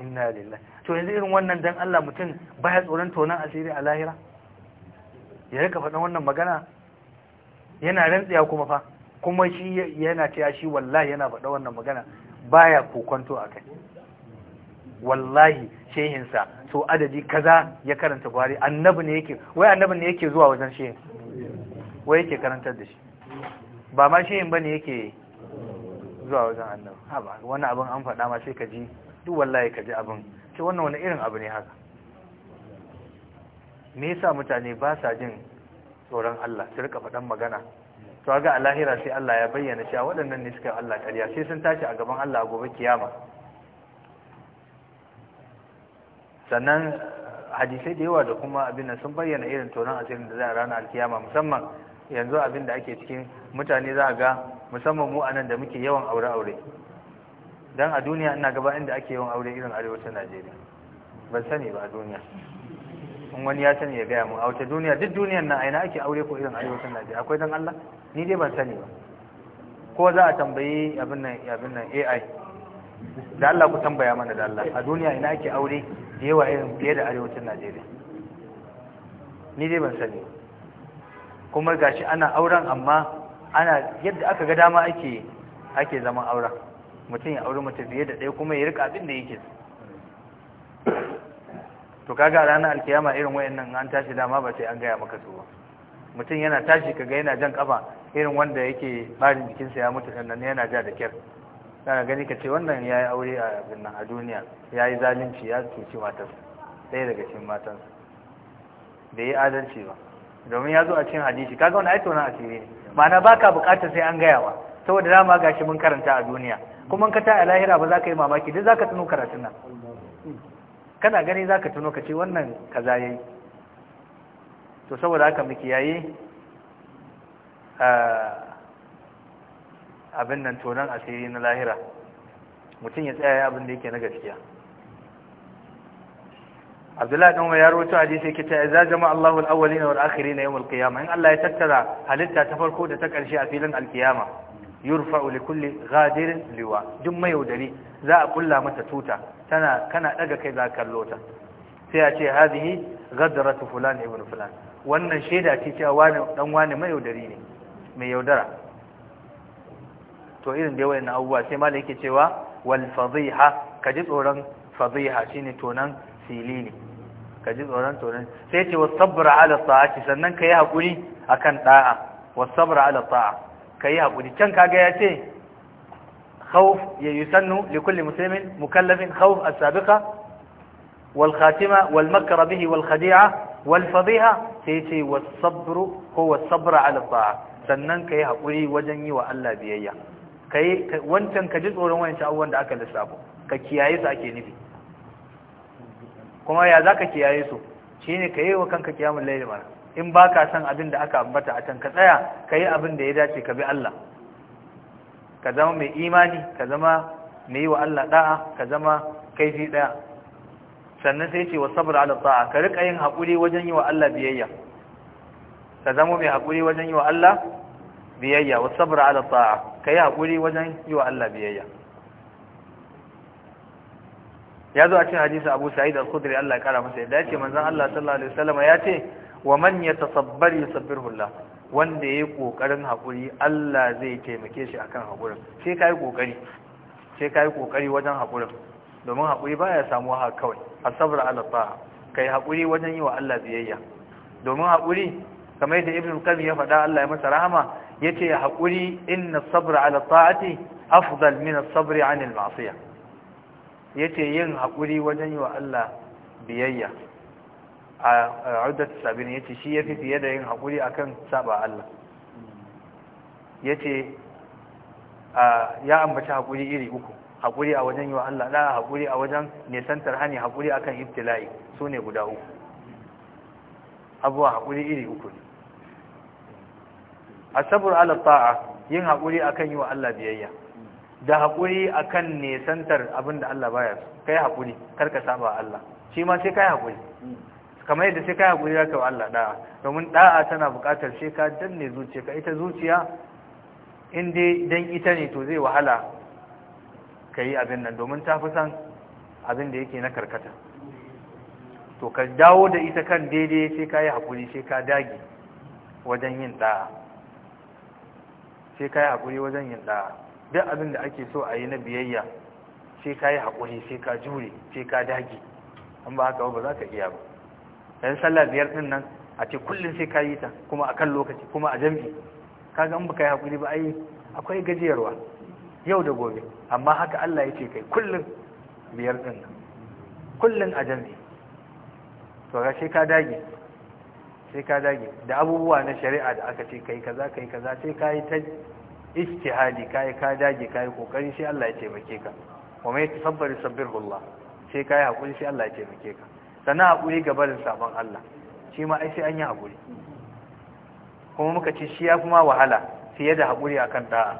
inna lillahi to yanzu irin wannan dan Allah mutum baya tsoron tonan asiri a lahira ya rika faɗin wannan magana yana rantsiya kuma fa kuma shi yana cewa shi wallahi yana faɗa wannan magana baya kokonto a kai wallahi shehinsa so adadi kaza ya karanta buhari annabi ne yake wai annabi ne yake zuwa wajen shehin wai yake karantar da shi ba ma shehin bane yake zuwa wajen annabi ha ba wani abin an faɗa ma sai ka ji duk wallahi ka ji abin ce wannan wani irin abu ne haka me yasa mutane ba sa jin tsoron Allah su rika faɗan magana to ga a lahira sai Allah ya bayyana cewa waɗannan ne suka Allah ƙarya sai sun tashi a gaban Allah a gobe kiyama sannan hadisai da yawa da kuma abin sun bayyana irin tsoron asirin da za a rana alkiyama musamman yanzu abin da ake cikin mutane za a ga musamman mu anan da muke yawan aure-aure don a duniya ina gaba inda ake yawan aure irin arewacin najeriya ban sani ba a duniya in wani ya sani ya gaya mu a wata duniya duk duniyan na aina ake aure ko irin arewacin najeriya akwai don allah ni dai ban sani ba ko za a tambayi abin nan ai da allah ku tambaya mana da allah a duniya ina ake aure da yawa irin fiye da arewacin najeriya ni dai ban sani kuma gashi ana auren amma ana yadda aka ga dama ake ake zaman auren mutum ya auri mace fiye da ɗaya kuma ya rika abin da yake to kaga ranar alkiyama irin wayannan an tashi dama ba sai an gaya maka su ba mutum yana tashi kaga yana jan kafa irin wanda yake barin jikinsa ya mutu sannan yana ja da kyar kana gani ka ce wannan ya yi aure a abin nan a duniya ya yi zalunci ya cuci matarsa ɗaya daga cikin matansa bai yi adalci ba domin ya zo a cikin hadisi kaga wani aito na asiri ne ma'ana baka bukatar sai an gaya wa saboda dama gashi mun karanta a duniya kuma ka ta a lahira ba za ka yi mamaki duk za ka tuno karatun nan kana gani za ka tuno ka ce wannan ka ya yi to saboda haka muke yayi ah, abin nan tonon asiri na lahira mutum ya tsaya abin da yake na gaskiya abdullahi ɗan wa yaro ta hadisi yake ta za jama Allahu al na wal akhiri na yawon qiyamah in Allah ya tattara halitta ta farko da ta ƙarshe a filin alkiyama yurfa'u li kulli ghadirin liwa duk mai yaudari za a kulla mata tuta tana kana daga kai za ka kallo ta sai a ce hadhihi ghadratu fulan ibn fulan wannan sheda ce cewa wani dan wani mai yaudari ne mai yaudara to irin dai wayannan abubuwa sai malai yake cewa wal fadhiha kaji tsoron fadhiha shine tonan silili kaji tsoron tonan sai ce wasabra ala sa'ati sannan kai hakuri akan da'a wasabra ala ta'a ka yi haƙuri can kaga ya ce khawf ya yi sannu likulli musulmin mukallafin khawf a sabiqa wal khatima wal makara bihi wal khadi'a wal fadiha sai ce was sabru ko was sabra ala sannan ka yi haƙuri wajen yi wa Allah biyayya kai wancan ka ji tsoron wancan abubuwan da aka lissafo ka kiyaye su ake nufi kuma ya za ka kiyaye su shine ka yi wa kanka kiyamun laili mana in ba ka son abin da aka ambata a can ka tsaya ka yi abin da ya dace ka bi Allah ka zama mai imani ka zama mai yi wa Allah da'a ka zama kaifi daya sannan sai ce wa sabar ala ta'a ka riƙa yin haƙuri wajen yi wa Allah biyayya ka zama mai haƙuri wajen yi wa Allah biyayya wa sabar ala ta'a ka yi haƙuri wajen yi wa Allah biyayya ya zo a cikin hadisi Abu Sa'id al-Khudri Allah ya kara masa ya dace manzon Allah sallallahu alaihi wasallam ya ce wa man yatasabbar yusabbirhu hula wanda yayi ƙoƙarin haƙuri Allah zai taimake shi akan haƙurin sai kai kokari sai kai kokari wajen haƙurin domin haƙuri baya samuwa haka kawai asabra ala ka yi haƙuri wajen yi wa Allah biyayya domin haƙuri kamar yadda Ibn Qayyim ya faɗa Allah ya masa rahama yace haƙuri inna sabra ala ta'ati afdal min sabri 'anil ma'siyah yace yin haƙuri wajen yi wa Allah biyayya a uddat ya ce shi fi fiye da yin a akan saba Allah ya ce ya ambaci haƙuri iri uku haƙuri a wajen yi wa Allah da haƙuri a wajen nesantar hani kan akan su sune guda uku abuwa haƙuri iri uku ne asabur ala ta'a yin kan akan wa Allah biyayya da a akan nesantar abinda Allah baya kai haƙuri karka saba Allah shi ma sai kai haƙuri. kamar yadda sai ka haƙuri zaka wa Allah da'a domin da'a tana buƙatar sai ka danne zuciya ka ita zuciya in dai dan ita ne to zai wahala ka yi abin nan domin ta fi san abin da yake na karkata to ka dawo da ita kan daidai sai ka yi haƙuri sai ka dage wajen yin da'a sai ka yi haƙuri wajen yin da'a duk abin da ake so a yi na biyayya sai ka yi haƙuri sai ka jure sai ka dage an ba haka ba za ka iya ba yan sallah biyar din nan a ce kullum sai ka yi ta kuma akan lokaci kuma a jam'i kaga in baka yi hakuri ba ai akwai gajiyarwa yau da gobe amma haka Allah ya ce kai kullum biyar din nan kullum a jam'i to ga sai ka dage sai ka dage da abubuwa na shari'a da aka ce kai kaza kai kaza sai ka yi ta ijtihadi kai ka dage kai kokari sai Allah ya taimake ka wa mai tasabbar sabbirullah sai sai yi hakuri sai Allah ya taimake ka a ƙuri gaba da sabon Allah shi ma ai sai an yi haƙuri kuma muka ce shi ya fi ma wahala fiye da haƙuri a kan ta'a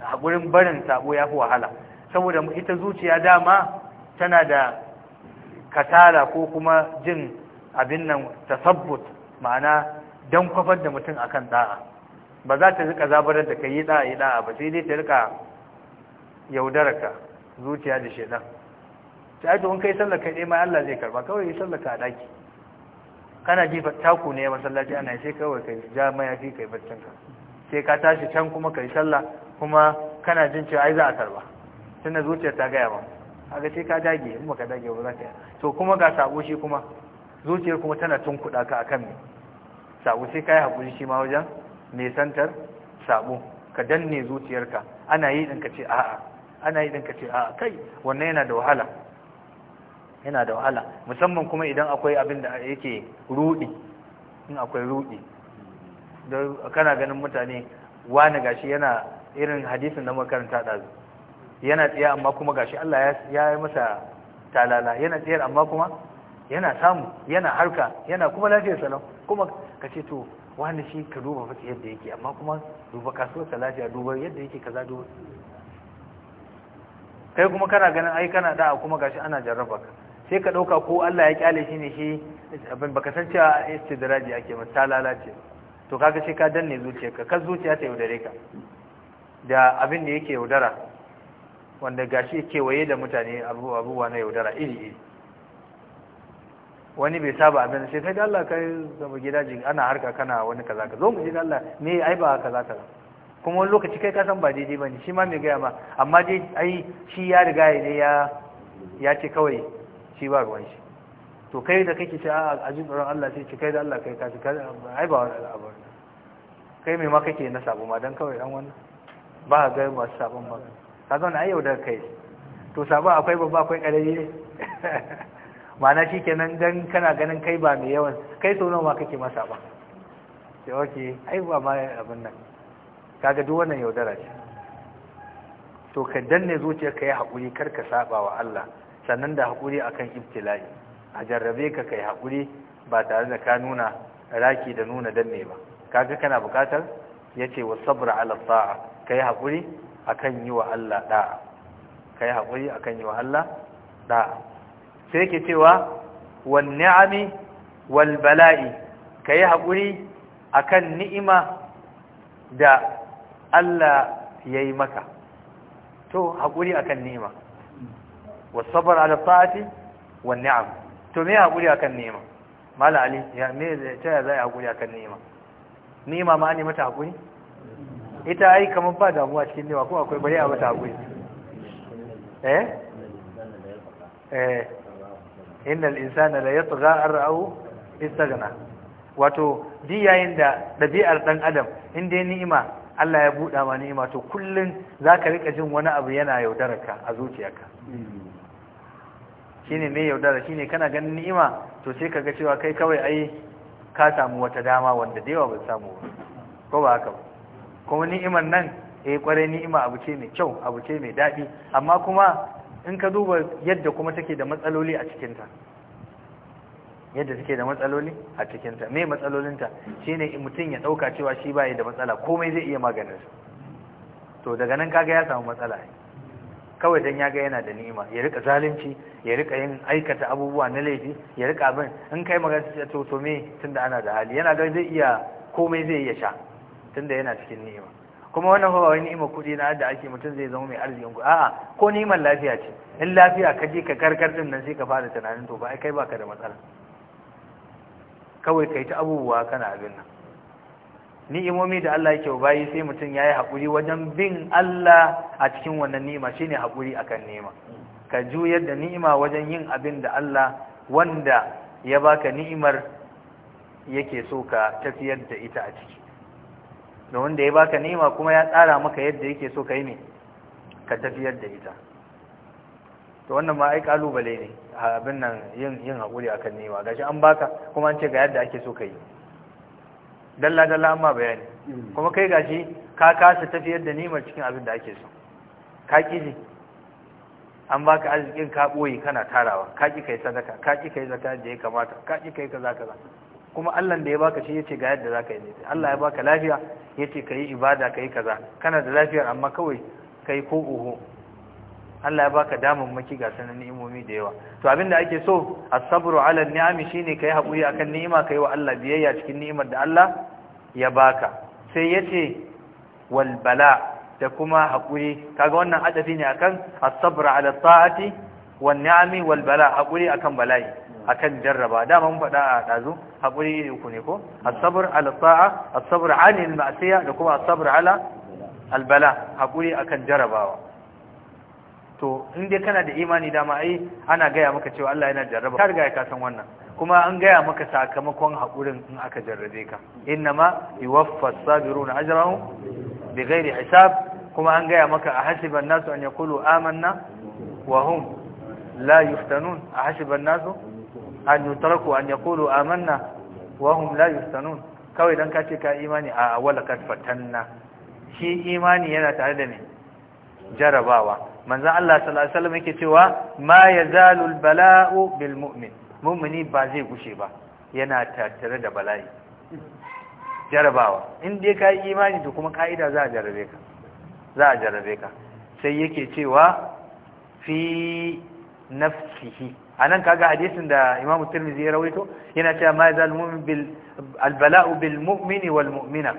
haƙurin barin sabo ya fi wahala saboda ita zuciya dama tana da katara ko kuma jin abin nan ta tasabbut ma'ana don kwafar da mutum akan ɗa'a ba za ta rika zabarar da ka yi ɗa'a ba sai dai ta rika yaudararka zuciya da shaidan ta yi in kai sallar kai ma Allah zai karba kawai yi sallar ka daki kana jifa taku ne masallaci ana sai kawai kai ja mayafi kai baccin ka sai ka tashi can kuma kai sallah kuma kana jin cewa ai za a karba da zuciyar ta gaya ba haka sai ka dage in baka dage ba za ka to kuma ga sabo shi kuma zuciyar kuma tana tun kuɗa ka akan me sabo sai ka yi haƙuri shi ma wajen santar sabo ka danne zuciyarka ana yi ɗin ka ce a'a ana yi ɗin ka ce a'a kai wannan yana da wahala yana da wahala musamman kuma idan akwai abin da yake rudi in akwai rudi don kana ganin mutane wani gashi yana irin hadisin da makaranta ɗazu yana tsaye amma kuma gashi Allah ya yi masa talala yana tsayar amma kuma yana samu yana harka yana kuma lafiyar salam kuma ka ce to wani shi ka duba fata yadda yake amma kuma duba kasuwar kasuwarsa lafiya duba yadda yake kaza duba kai kuma kana ganin ai kana da'a kuma gashi ana jarraba ka sai ka ɗauka ko Allah ya kyale shi ne shi abin baka san cewa istidraji ake masa ta lalace to kaga sai ka danne zuciyarka ka zuciya ta yaudare ka da abin da yake yaudara wanda gashi waye da mutane abubuwa na yaudara iri iri wani bai saba abin sai kai da Allah kai zama gidaje ana harka kana wani kaza ka zo mu ji da Allah me ai ba kaza kaza kuma wani lokaci kai ka san ba daidai bane shi ma mai gaya ma amma dai ai shi ya riga ne ya ya ce kawai shi ba ruwan shi to kai da kake ce a ji tsoron Allah sai ci kai da Allah kai ka ci ai ba wani al'abar kai mai ma kake na sabo ma don kawai ɗan wani. ba a ga masu sabon ba ka zauna ai yau da kai to sabon akwai babba akwai ƙarari ne ma'ana shi nan don kana ganin kai ba mai yawan kai so nawa kake ma sabon sai oke ai ba ma abin nan kaga duk wannan yaudara ce to ka danne zuciyarka ya haƙuri kar ka saba wa Allah sannan da haƙuri akan ibtila'i a jarrabe ka kai haƙuri ba tare da ka nuna raki da nuna danne ba kaga kana buƙatar ce wa sabra ala ka yi haƙuri kan yi wa Allah ka yi haƙuri akan yi wa Allah da'a sai ke cewa wan ni'ami wal bala'i ka yi haƙuri akan ni'ima da Allah ya yi maka to haƙuri akan ni'ima والصبر على الطاعه والنعم ni'am to me hakuri akan nema? mala ali ya me ta ya zai hakuri akan nema. ni'ima ma ne mata hakuri ita ai kamar ba damuwa cikin nema ko akwai bari a mata hakuri eh eh innal insana la yatgha ar'au istaghna wato di yayin da dabi'ar dan adam inda ni'ima Allah ya buɗa ma ni'ima to kullun zaka rika jin wani abu yana yaudararka a zuciyarka shine mai yaudara shine kana ganin ni'ima to sai kaga cewa kai kawai ai ka samu wata dama wanda da yawa ba samu ba ko ba haka ba kuma ni'imar nan eh kware ni'ima abu ce mai kyau abu ce mai daɗi amma kuma in ka duba yadda kuma take da matsaloli a ta yadda take da matsaloli a cikinta me matsalolinta shine mutum ya ɗauka cewa shi baya da matsala komai zai iya maganin to daga nan kaga ya samu matsala kawai don ya ga yana da ni'ima ya rika zalunci ya rika yin aikata abubuwa na laifi ya rika abin in kai magana to to me tunda ana da hali yana ga zai iya komai zai iya sha tunda yana cikin ni'ima kuma wannan ba wani ni'ima kudi na da ake mutum zai zama mai arzikin ku a'a ko ni'imar lafiya ce in lafiya ka je ka karkar din nan sai ka fara tunanin to ba ai kai baka da matsala kawai kai ta abubuwa kana abin nan ni'imomi da Allah yake bayi sai mutum ya yi hakuri wajen bin Allah a cikin wannan ni'ima shine hakuri akan ni'ima ka juyar da ni'ima wajen yin abin da Allah wanda ya baka ni'imar yake so ka tafiyar da ita a ciki da wanda ya baka ni'ima kuma ya tsara maka yadda yake so ka yi ne ka tafiyar da ita to wannan ma ai kalubale ne abin nan yin yin hakuri akan ni'ima gashi an baka kuma an ce ga yadda ake so ka yi dalla dalla ma bayani mm. kuma kai gashi ka kasa tafiyar da nimar cikin abin da ake so ka kiji an baka arzikin ka boye kana tarawa ka ki kai sadaka ka ki kai zakat da ya kamata ka ki kai kaza kaza kuma Allah da ya baka shi yace ga yadda zaka yi ne Allah ya baka lafiya yace kai ibada kai kaza kana da lafiyar amma kawai kai ko oho Allah ya baka damun maki ga sanan ni'imomi da yawa to abinda ake so as-sabru 'ala an-ni'ami shine kai haƙuri akan ni'ima kai wa Allah biyayya cikin ni'imar da Allah ya baka sai yace wal bala da kuma haƙuri, kaga wannan adafi ne akan as-sabru 'ala at-ta'ati wan ni'ami wal bala hakuri akan bala'i akan jarraba dama mun faɗa a dazu haƙuri ne ku ne ko as-sabr 'ala at-ta'a as-sabr 'anil ma'siya da kuma as-sabr 'ala al-bala haƙuri akan jarrabawa to in dai kana da imani dama ai ana gaya maka cewa Allah yana jarraba ka riga ka san wannan kuma an gaya maka sakamakon haƙurin in aka jarrabe ka innama yuwaffas sabiruna ajrahum bighairi hisab kuma an gaya maka a hasiban nasu an yaqulu amanna wa hum la yuftanun a hasiban nasu an yutraku an yaqulu amanna wa hum la yuftanun kawai dan ka ce ka imani a wala kad fatanna shi imani yana tare da ne jarabawa manzon Allah sallallahu alaihi wasallam yake cewa ma yazalu albala'u bil mu'min mu'mini ba zai gushe ba yana tattare da bala'i jarabawa in dai ka yi imani to kuma ka'ida za a jarabe ka za a jarabe ka sai yake cewa fi nafsihi anan kaga hadisin da Imam Tirmidhi ya rawaito yana cewa ma yazal mu'min bil albala'u bil mu'mini wal mu'mina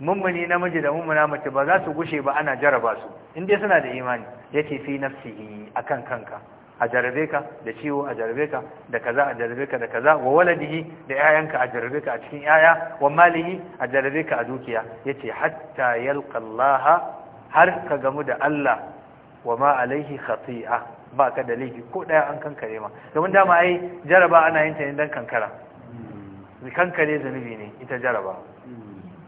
mummuni namiji da mummuna mace ba za su gushe ba ana jaraba su in dai suna da imani yake fi nafsihi akan kanka a jarabe ka da ciwo a jarabe ka da kaza a jarabe ka da kaza wa waladihi da yayanka a jarabe ka a cikin yaya wa malihi a jarabe ka a dukiya yace hatta yalqa Allah har ka gamu da Allah wa ma alaihi khati'a ba ka da laifi ko daya an kankare ma domin dama ai jaraba ana yin ta ne dan kankara hmm. kankare zanubi ne ita jaraba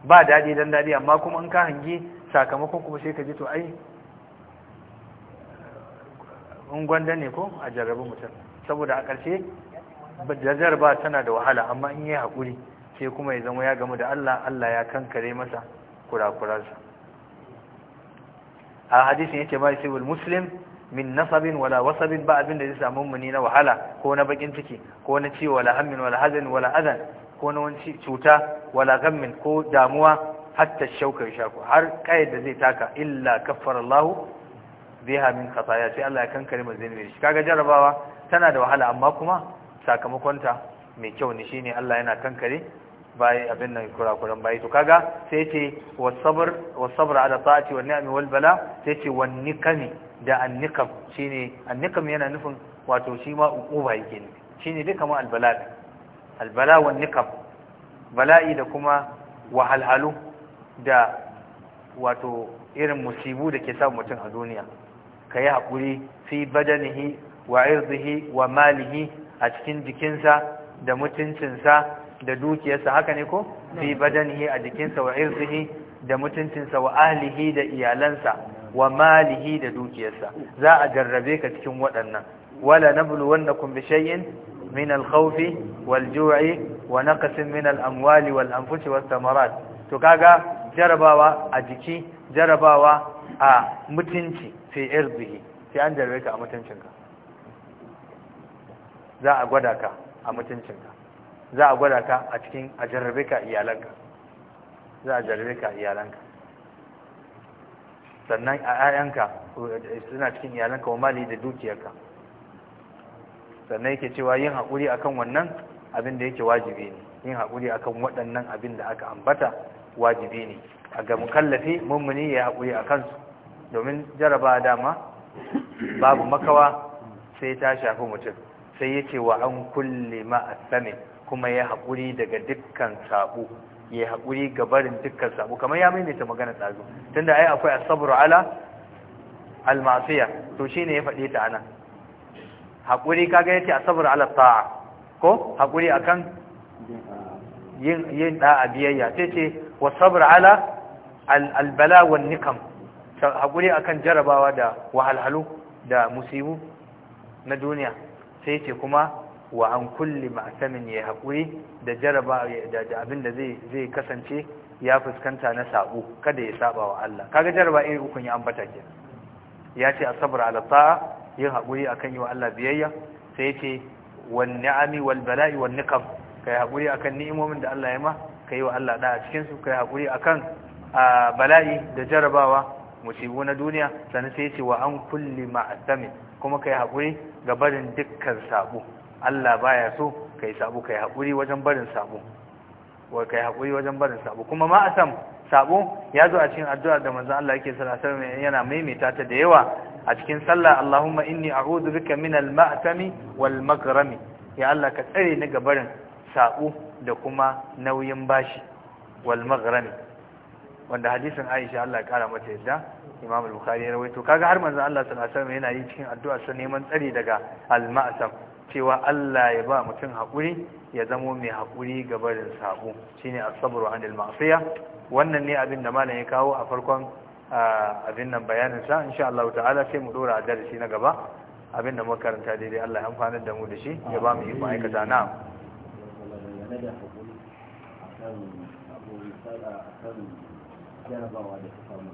ba daɗi dan daɗi amma kuma an ka hangi sakamakon kuma sai ka ji to ai in gwanda ne ko a jarrabi mutum saboda a ƙarshe jajar tana da wahala amma in yi haƙuri sai kuma ya zama ya gamu da Allah Allah ya kankare masa kurakurarsa a hadisin yake ba sai muslim min nasabin wala wasabin ba abin da zai samu muni na wahala ko na bakin ciki ko na ciwo wala hammin wala hazan wala adan ko na wani cuta wala gammin ko damuwa hatta shauka ya shaku har kai zai taka illa kaffara Allah biha min khataya sai Allah ya kankare mazinin shi kaga jarabawa tana da wahala amma kuma sakamakonta mai kyau ne shine Allah yana kankare bai abin nan kurakuran bai to kaga sai ce wasabr wasabr ala ta'ati wan ni'ami wal bala sai ce wan nikami da annikam shine annikam yana nufin wato shi ma uquba yake ne shine duka ma al bala albala wa bala'i da kuma wahalhalu da wato irin musibu da ke sa mutum a duniya ka yi haƙuri fi badanihi wa irzihi wa malihi a cikin jikinsa da mutuncinsa da dukiyarsa haka ne ko fi badanihi a jikinsa wa irzihi da mutuncinsa wa ahlihi da iyalansa wa malihi da dukiyarsa za a jarrabe ka cikin waɗannan wala nabluwannakum bi shay'in من الخوف والجوع wa من الأموال والأنفس والثمرات wasamarat to kaga jarabawa a jiki jarabawa a mutunci fi irdihi sai an a mutuncinka za a gwada ka a mutuncinka za a gwada ka a cikin a ka iyalanka za a ka iyalanka sannan a 'ya'yanka suna cikin iyalanka wa mali da dukiyarka sannan yake cewa yin haƙuri akan wannan abin da yake wajibi ne yin haƙuri akan waɗannan abin da aka ambata wajibi ne a ga mukallafi mummuni ya haƙuri a kansu domin jaraba dama babu makawa sai ta shafi mutum sai ya ce wa an kulle ma'asami kuma ya haƙuri daga dukkan saɓo ya haƙuri ga barin dukkan saɓo kamar ya maimaita magana ɗazu tunda ai akwai Asabar ala almasiya to shine ya faɗe ta anan haƙuri kaga yace sabar ala ta'a ko haƙuri akan yin yin da'a biyayya sai ce wa sabar ala albala wan nikam haƙuri akan jarabawa da wahalhalu da musibu na duniya sai ce kuma wa an kulli ma'samin ya haƙuri da jaraba da abin da zai kasance ya fuskanta na sabo kada ya saba Allah kaga jaraba irin uku ya bata ke ya ce asabar ala ta'a yin haƙuri akan yi wa Allah biyayya sai ce wani ami wal bala'i kam ka yi haƙuri akan ni'imomin da Allah ya ma ka yi wa Allah ɗa a cikinsu ka yi haƙuri akan bala'i da jarabawa musibu na duniya sannan sai ce wa an kulli ma'asamin kuma ka yi haƙuri ga barin dukkan sabo Allah baya so yi sabo yi haƙuri wajen barin sabo wa yi haƙuri wajen barin sabo kuma ma'asam sabo ya zo a cikin addu'ar da manzon Allah yake sallallahu alaihi wasallam yana maimaita ta da yawa a cikin sallah Allahumma inni a'udhu bika min al-ma'tami wal makrami ya Allah ka tsare ni gabarin sabo da kuma nauyin bashi wal makrami wanda hadisin Aisha Allah ya kara mata yadda Imam al-Bukhari ya rawaito kaga har manzo Allah sallallahu alaihi wasallam yana yi cikin addu'a sa neman tsari daga al-ma'tam cewa Allah ya ba mutum hakuri ya zamo mai haƙuri gabarin sabo shine as-sabru 'anil ma'siyah wannan ne abin da malam ya kawo a farkon abin nan bayanin sa insha Allah ta'ala sai mu dora darasi na gaba abin da muka karanta daidai Allah ya amfana da mu da shi ya ba mu yi ma'aikata na jarabawa da ta samu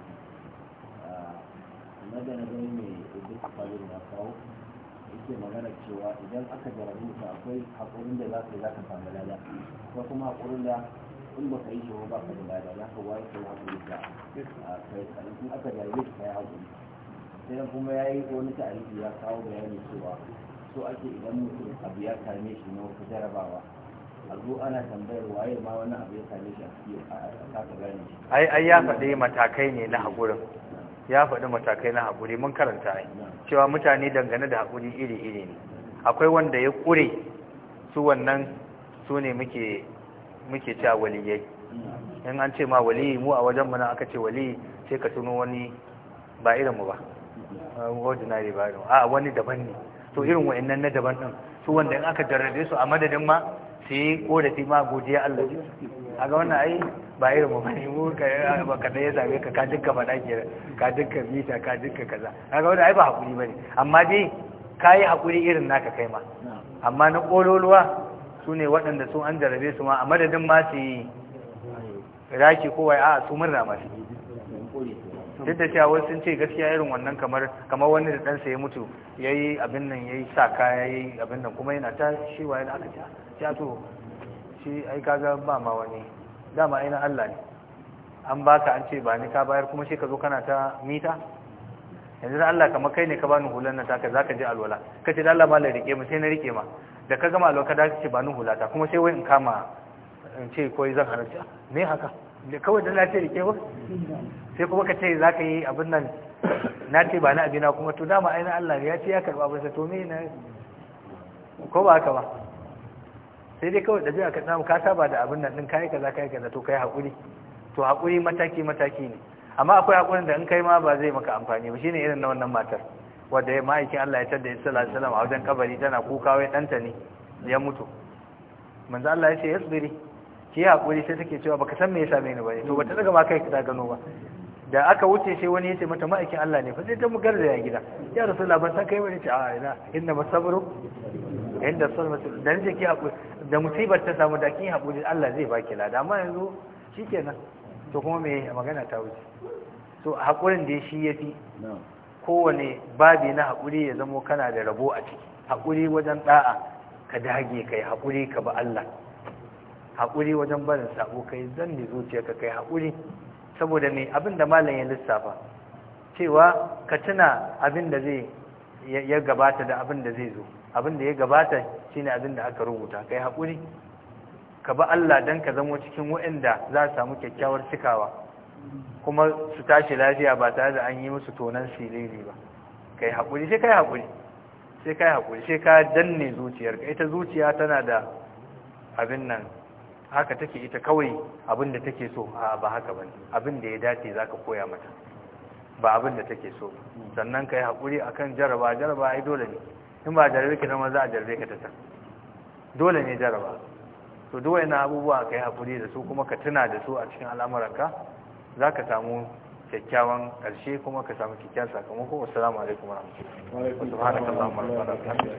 na da na gani mai ibi kafalin na yake magana cewa idan aka jarabi ta akwai haƙurin da za ka yi za ka samu lada ko kuma haƙurin da in ba ka yi shi ba ka da lada za ka waye ka yi da a kai kanin kuma aka da yi ka yi haƙuri sai kuma ya yi wani ta'arifi ya kawo bayani cewa so ake idan mutum abu ya same shi na wata jarabawa a zo ana tambayar waye ma wani abu ya same shi a cikin a kasa gane shi ai ai ya faɗi matakai ne na haƙurin ya faɗi matakai na haƙuri mun karanta ai cewa mutane dangane da haƙuri iri-iri ne akwai wanda ya ƙure su wannan su ne muke muke cewa waliyai in an ce ma waliyi mu a wajen mu aka ce waliyi sai ka tuno wani ba irin mu ba ordinary ba irin a wani daban ne to irin wa'annan na daban din su wanda in aka jarrabe su a madadin ma su yi korafi ma godiya Allah a ga wannan ai ba irin mu bane mu ka ka dai ya same ka ka dinka faɗa ke ka dinka mita ka dinka kaza a ga wannan ai ba hakuri bane amma dai kayi hakuri irin naka kai ma amma na kololuwa su ne waɗanda su an jarabe su ma a madadin ma su yi raki kowai a su murna masu duk da cewa wasu sun ce gaskiya irin wannan kamar kamar wani da ɗansa ya mutu ya yi abin nan ya yi sa kaya ya yi abin nan kuma yana ta shi wa yana aka ta to shi ai kaga ba ma wani dama ina Allah ne an baka an ce ba ni ka bayar kuma sai ka zo kana ta mita yanzu da Allah kamar kai ne ka bani hular nan taka zaka je alwala kace da Allah mallan rike mu sai na rike ma da ka gama alwala ka da kace bani hulata kuma sai wai in kama in ce ko zan haranta me haka ne kawai da ce rike ba sai kuma ka ce zaka yi abin nan na ce ba na abina kuma to dama aina Allah ya ce ya karba ba sai to me na ko ba haka ba sai dai kawai da dabi'a ka samu ka saba da abin nan din kai kaza kai kaza to kai hakuri to hakuri mataki mataki ne amma akwai hakurin da in kai ma ba zai maka amfani ba shine irin na wannan matar wanda ya ma'aikin Allah ya tada sallallahu alaihi wasallam a wajen kabari tana kuka wai danta ne ya mutu manzo Allah ya ce yasbiri ki hakuri sai take cewa baka san me ya same ni bane to bata daga ma kai ka gano ba da aka wuce sai wani ya ce mata ma'aikin Allah ne fa sai ta mugarda ya gida ya rasulullah ban san kai bane ce a ina inna masabru inda salmatu dan je ki hakuri da musibar ta samu da kin hakuri Allah zai baki lada amma yanzu shikenan to kuma me magana ta wuce to haƙurin da shi ya fi kowane babi na haƙuri ya zamo kana da rabo a ciki haƙuri wajen ɗa'a ka dage ka yi haƙuri ka ba Allah haƙuri wajen barin sabo ka yi da zuciya ka kai haƙuri saboda mai abin da malam ya lissafa cewa ka tuna abin da zai ya gabata da abin da zai zo abin da ya gabata shine abin da aka rubuta ka yi haƙuri ka ba Allah don ka zamo cikin waɗanda za su samu kyakkyawar cikawa kuma su tashi lafiya ba tare da an yi musu tonan siriri ba kai haƙuri sai kai haƙuri sai kai haƙuri sai ka danne zuciyar ka ita zuciya tana da abin nan haka take ita kawai abin da take so a ba haka ba abin da ya dace za ka koya mata ba abin da take so sannan ka yi haƙuri a kan jaraba jaraba ai dole ne in ba jarabe ki zama za a jarabe ka ta dole ne jaraba to duk na abubuwa ka yi haƙuri da su kuma ka tuna da su a cikin al'amuranka za ka samu kyakkyawan ƙarshe kuma ka samu kyakkyawan sakamako wasu alaikum wa rahmatullahi wa barakatuh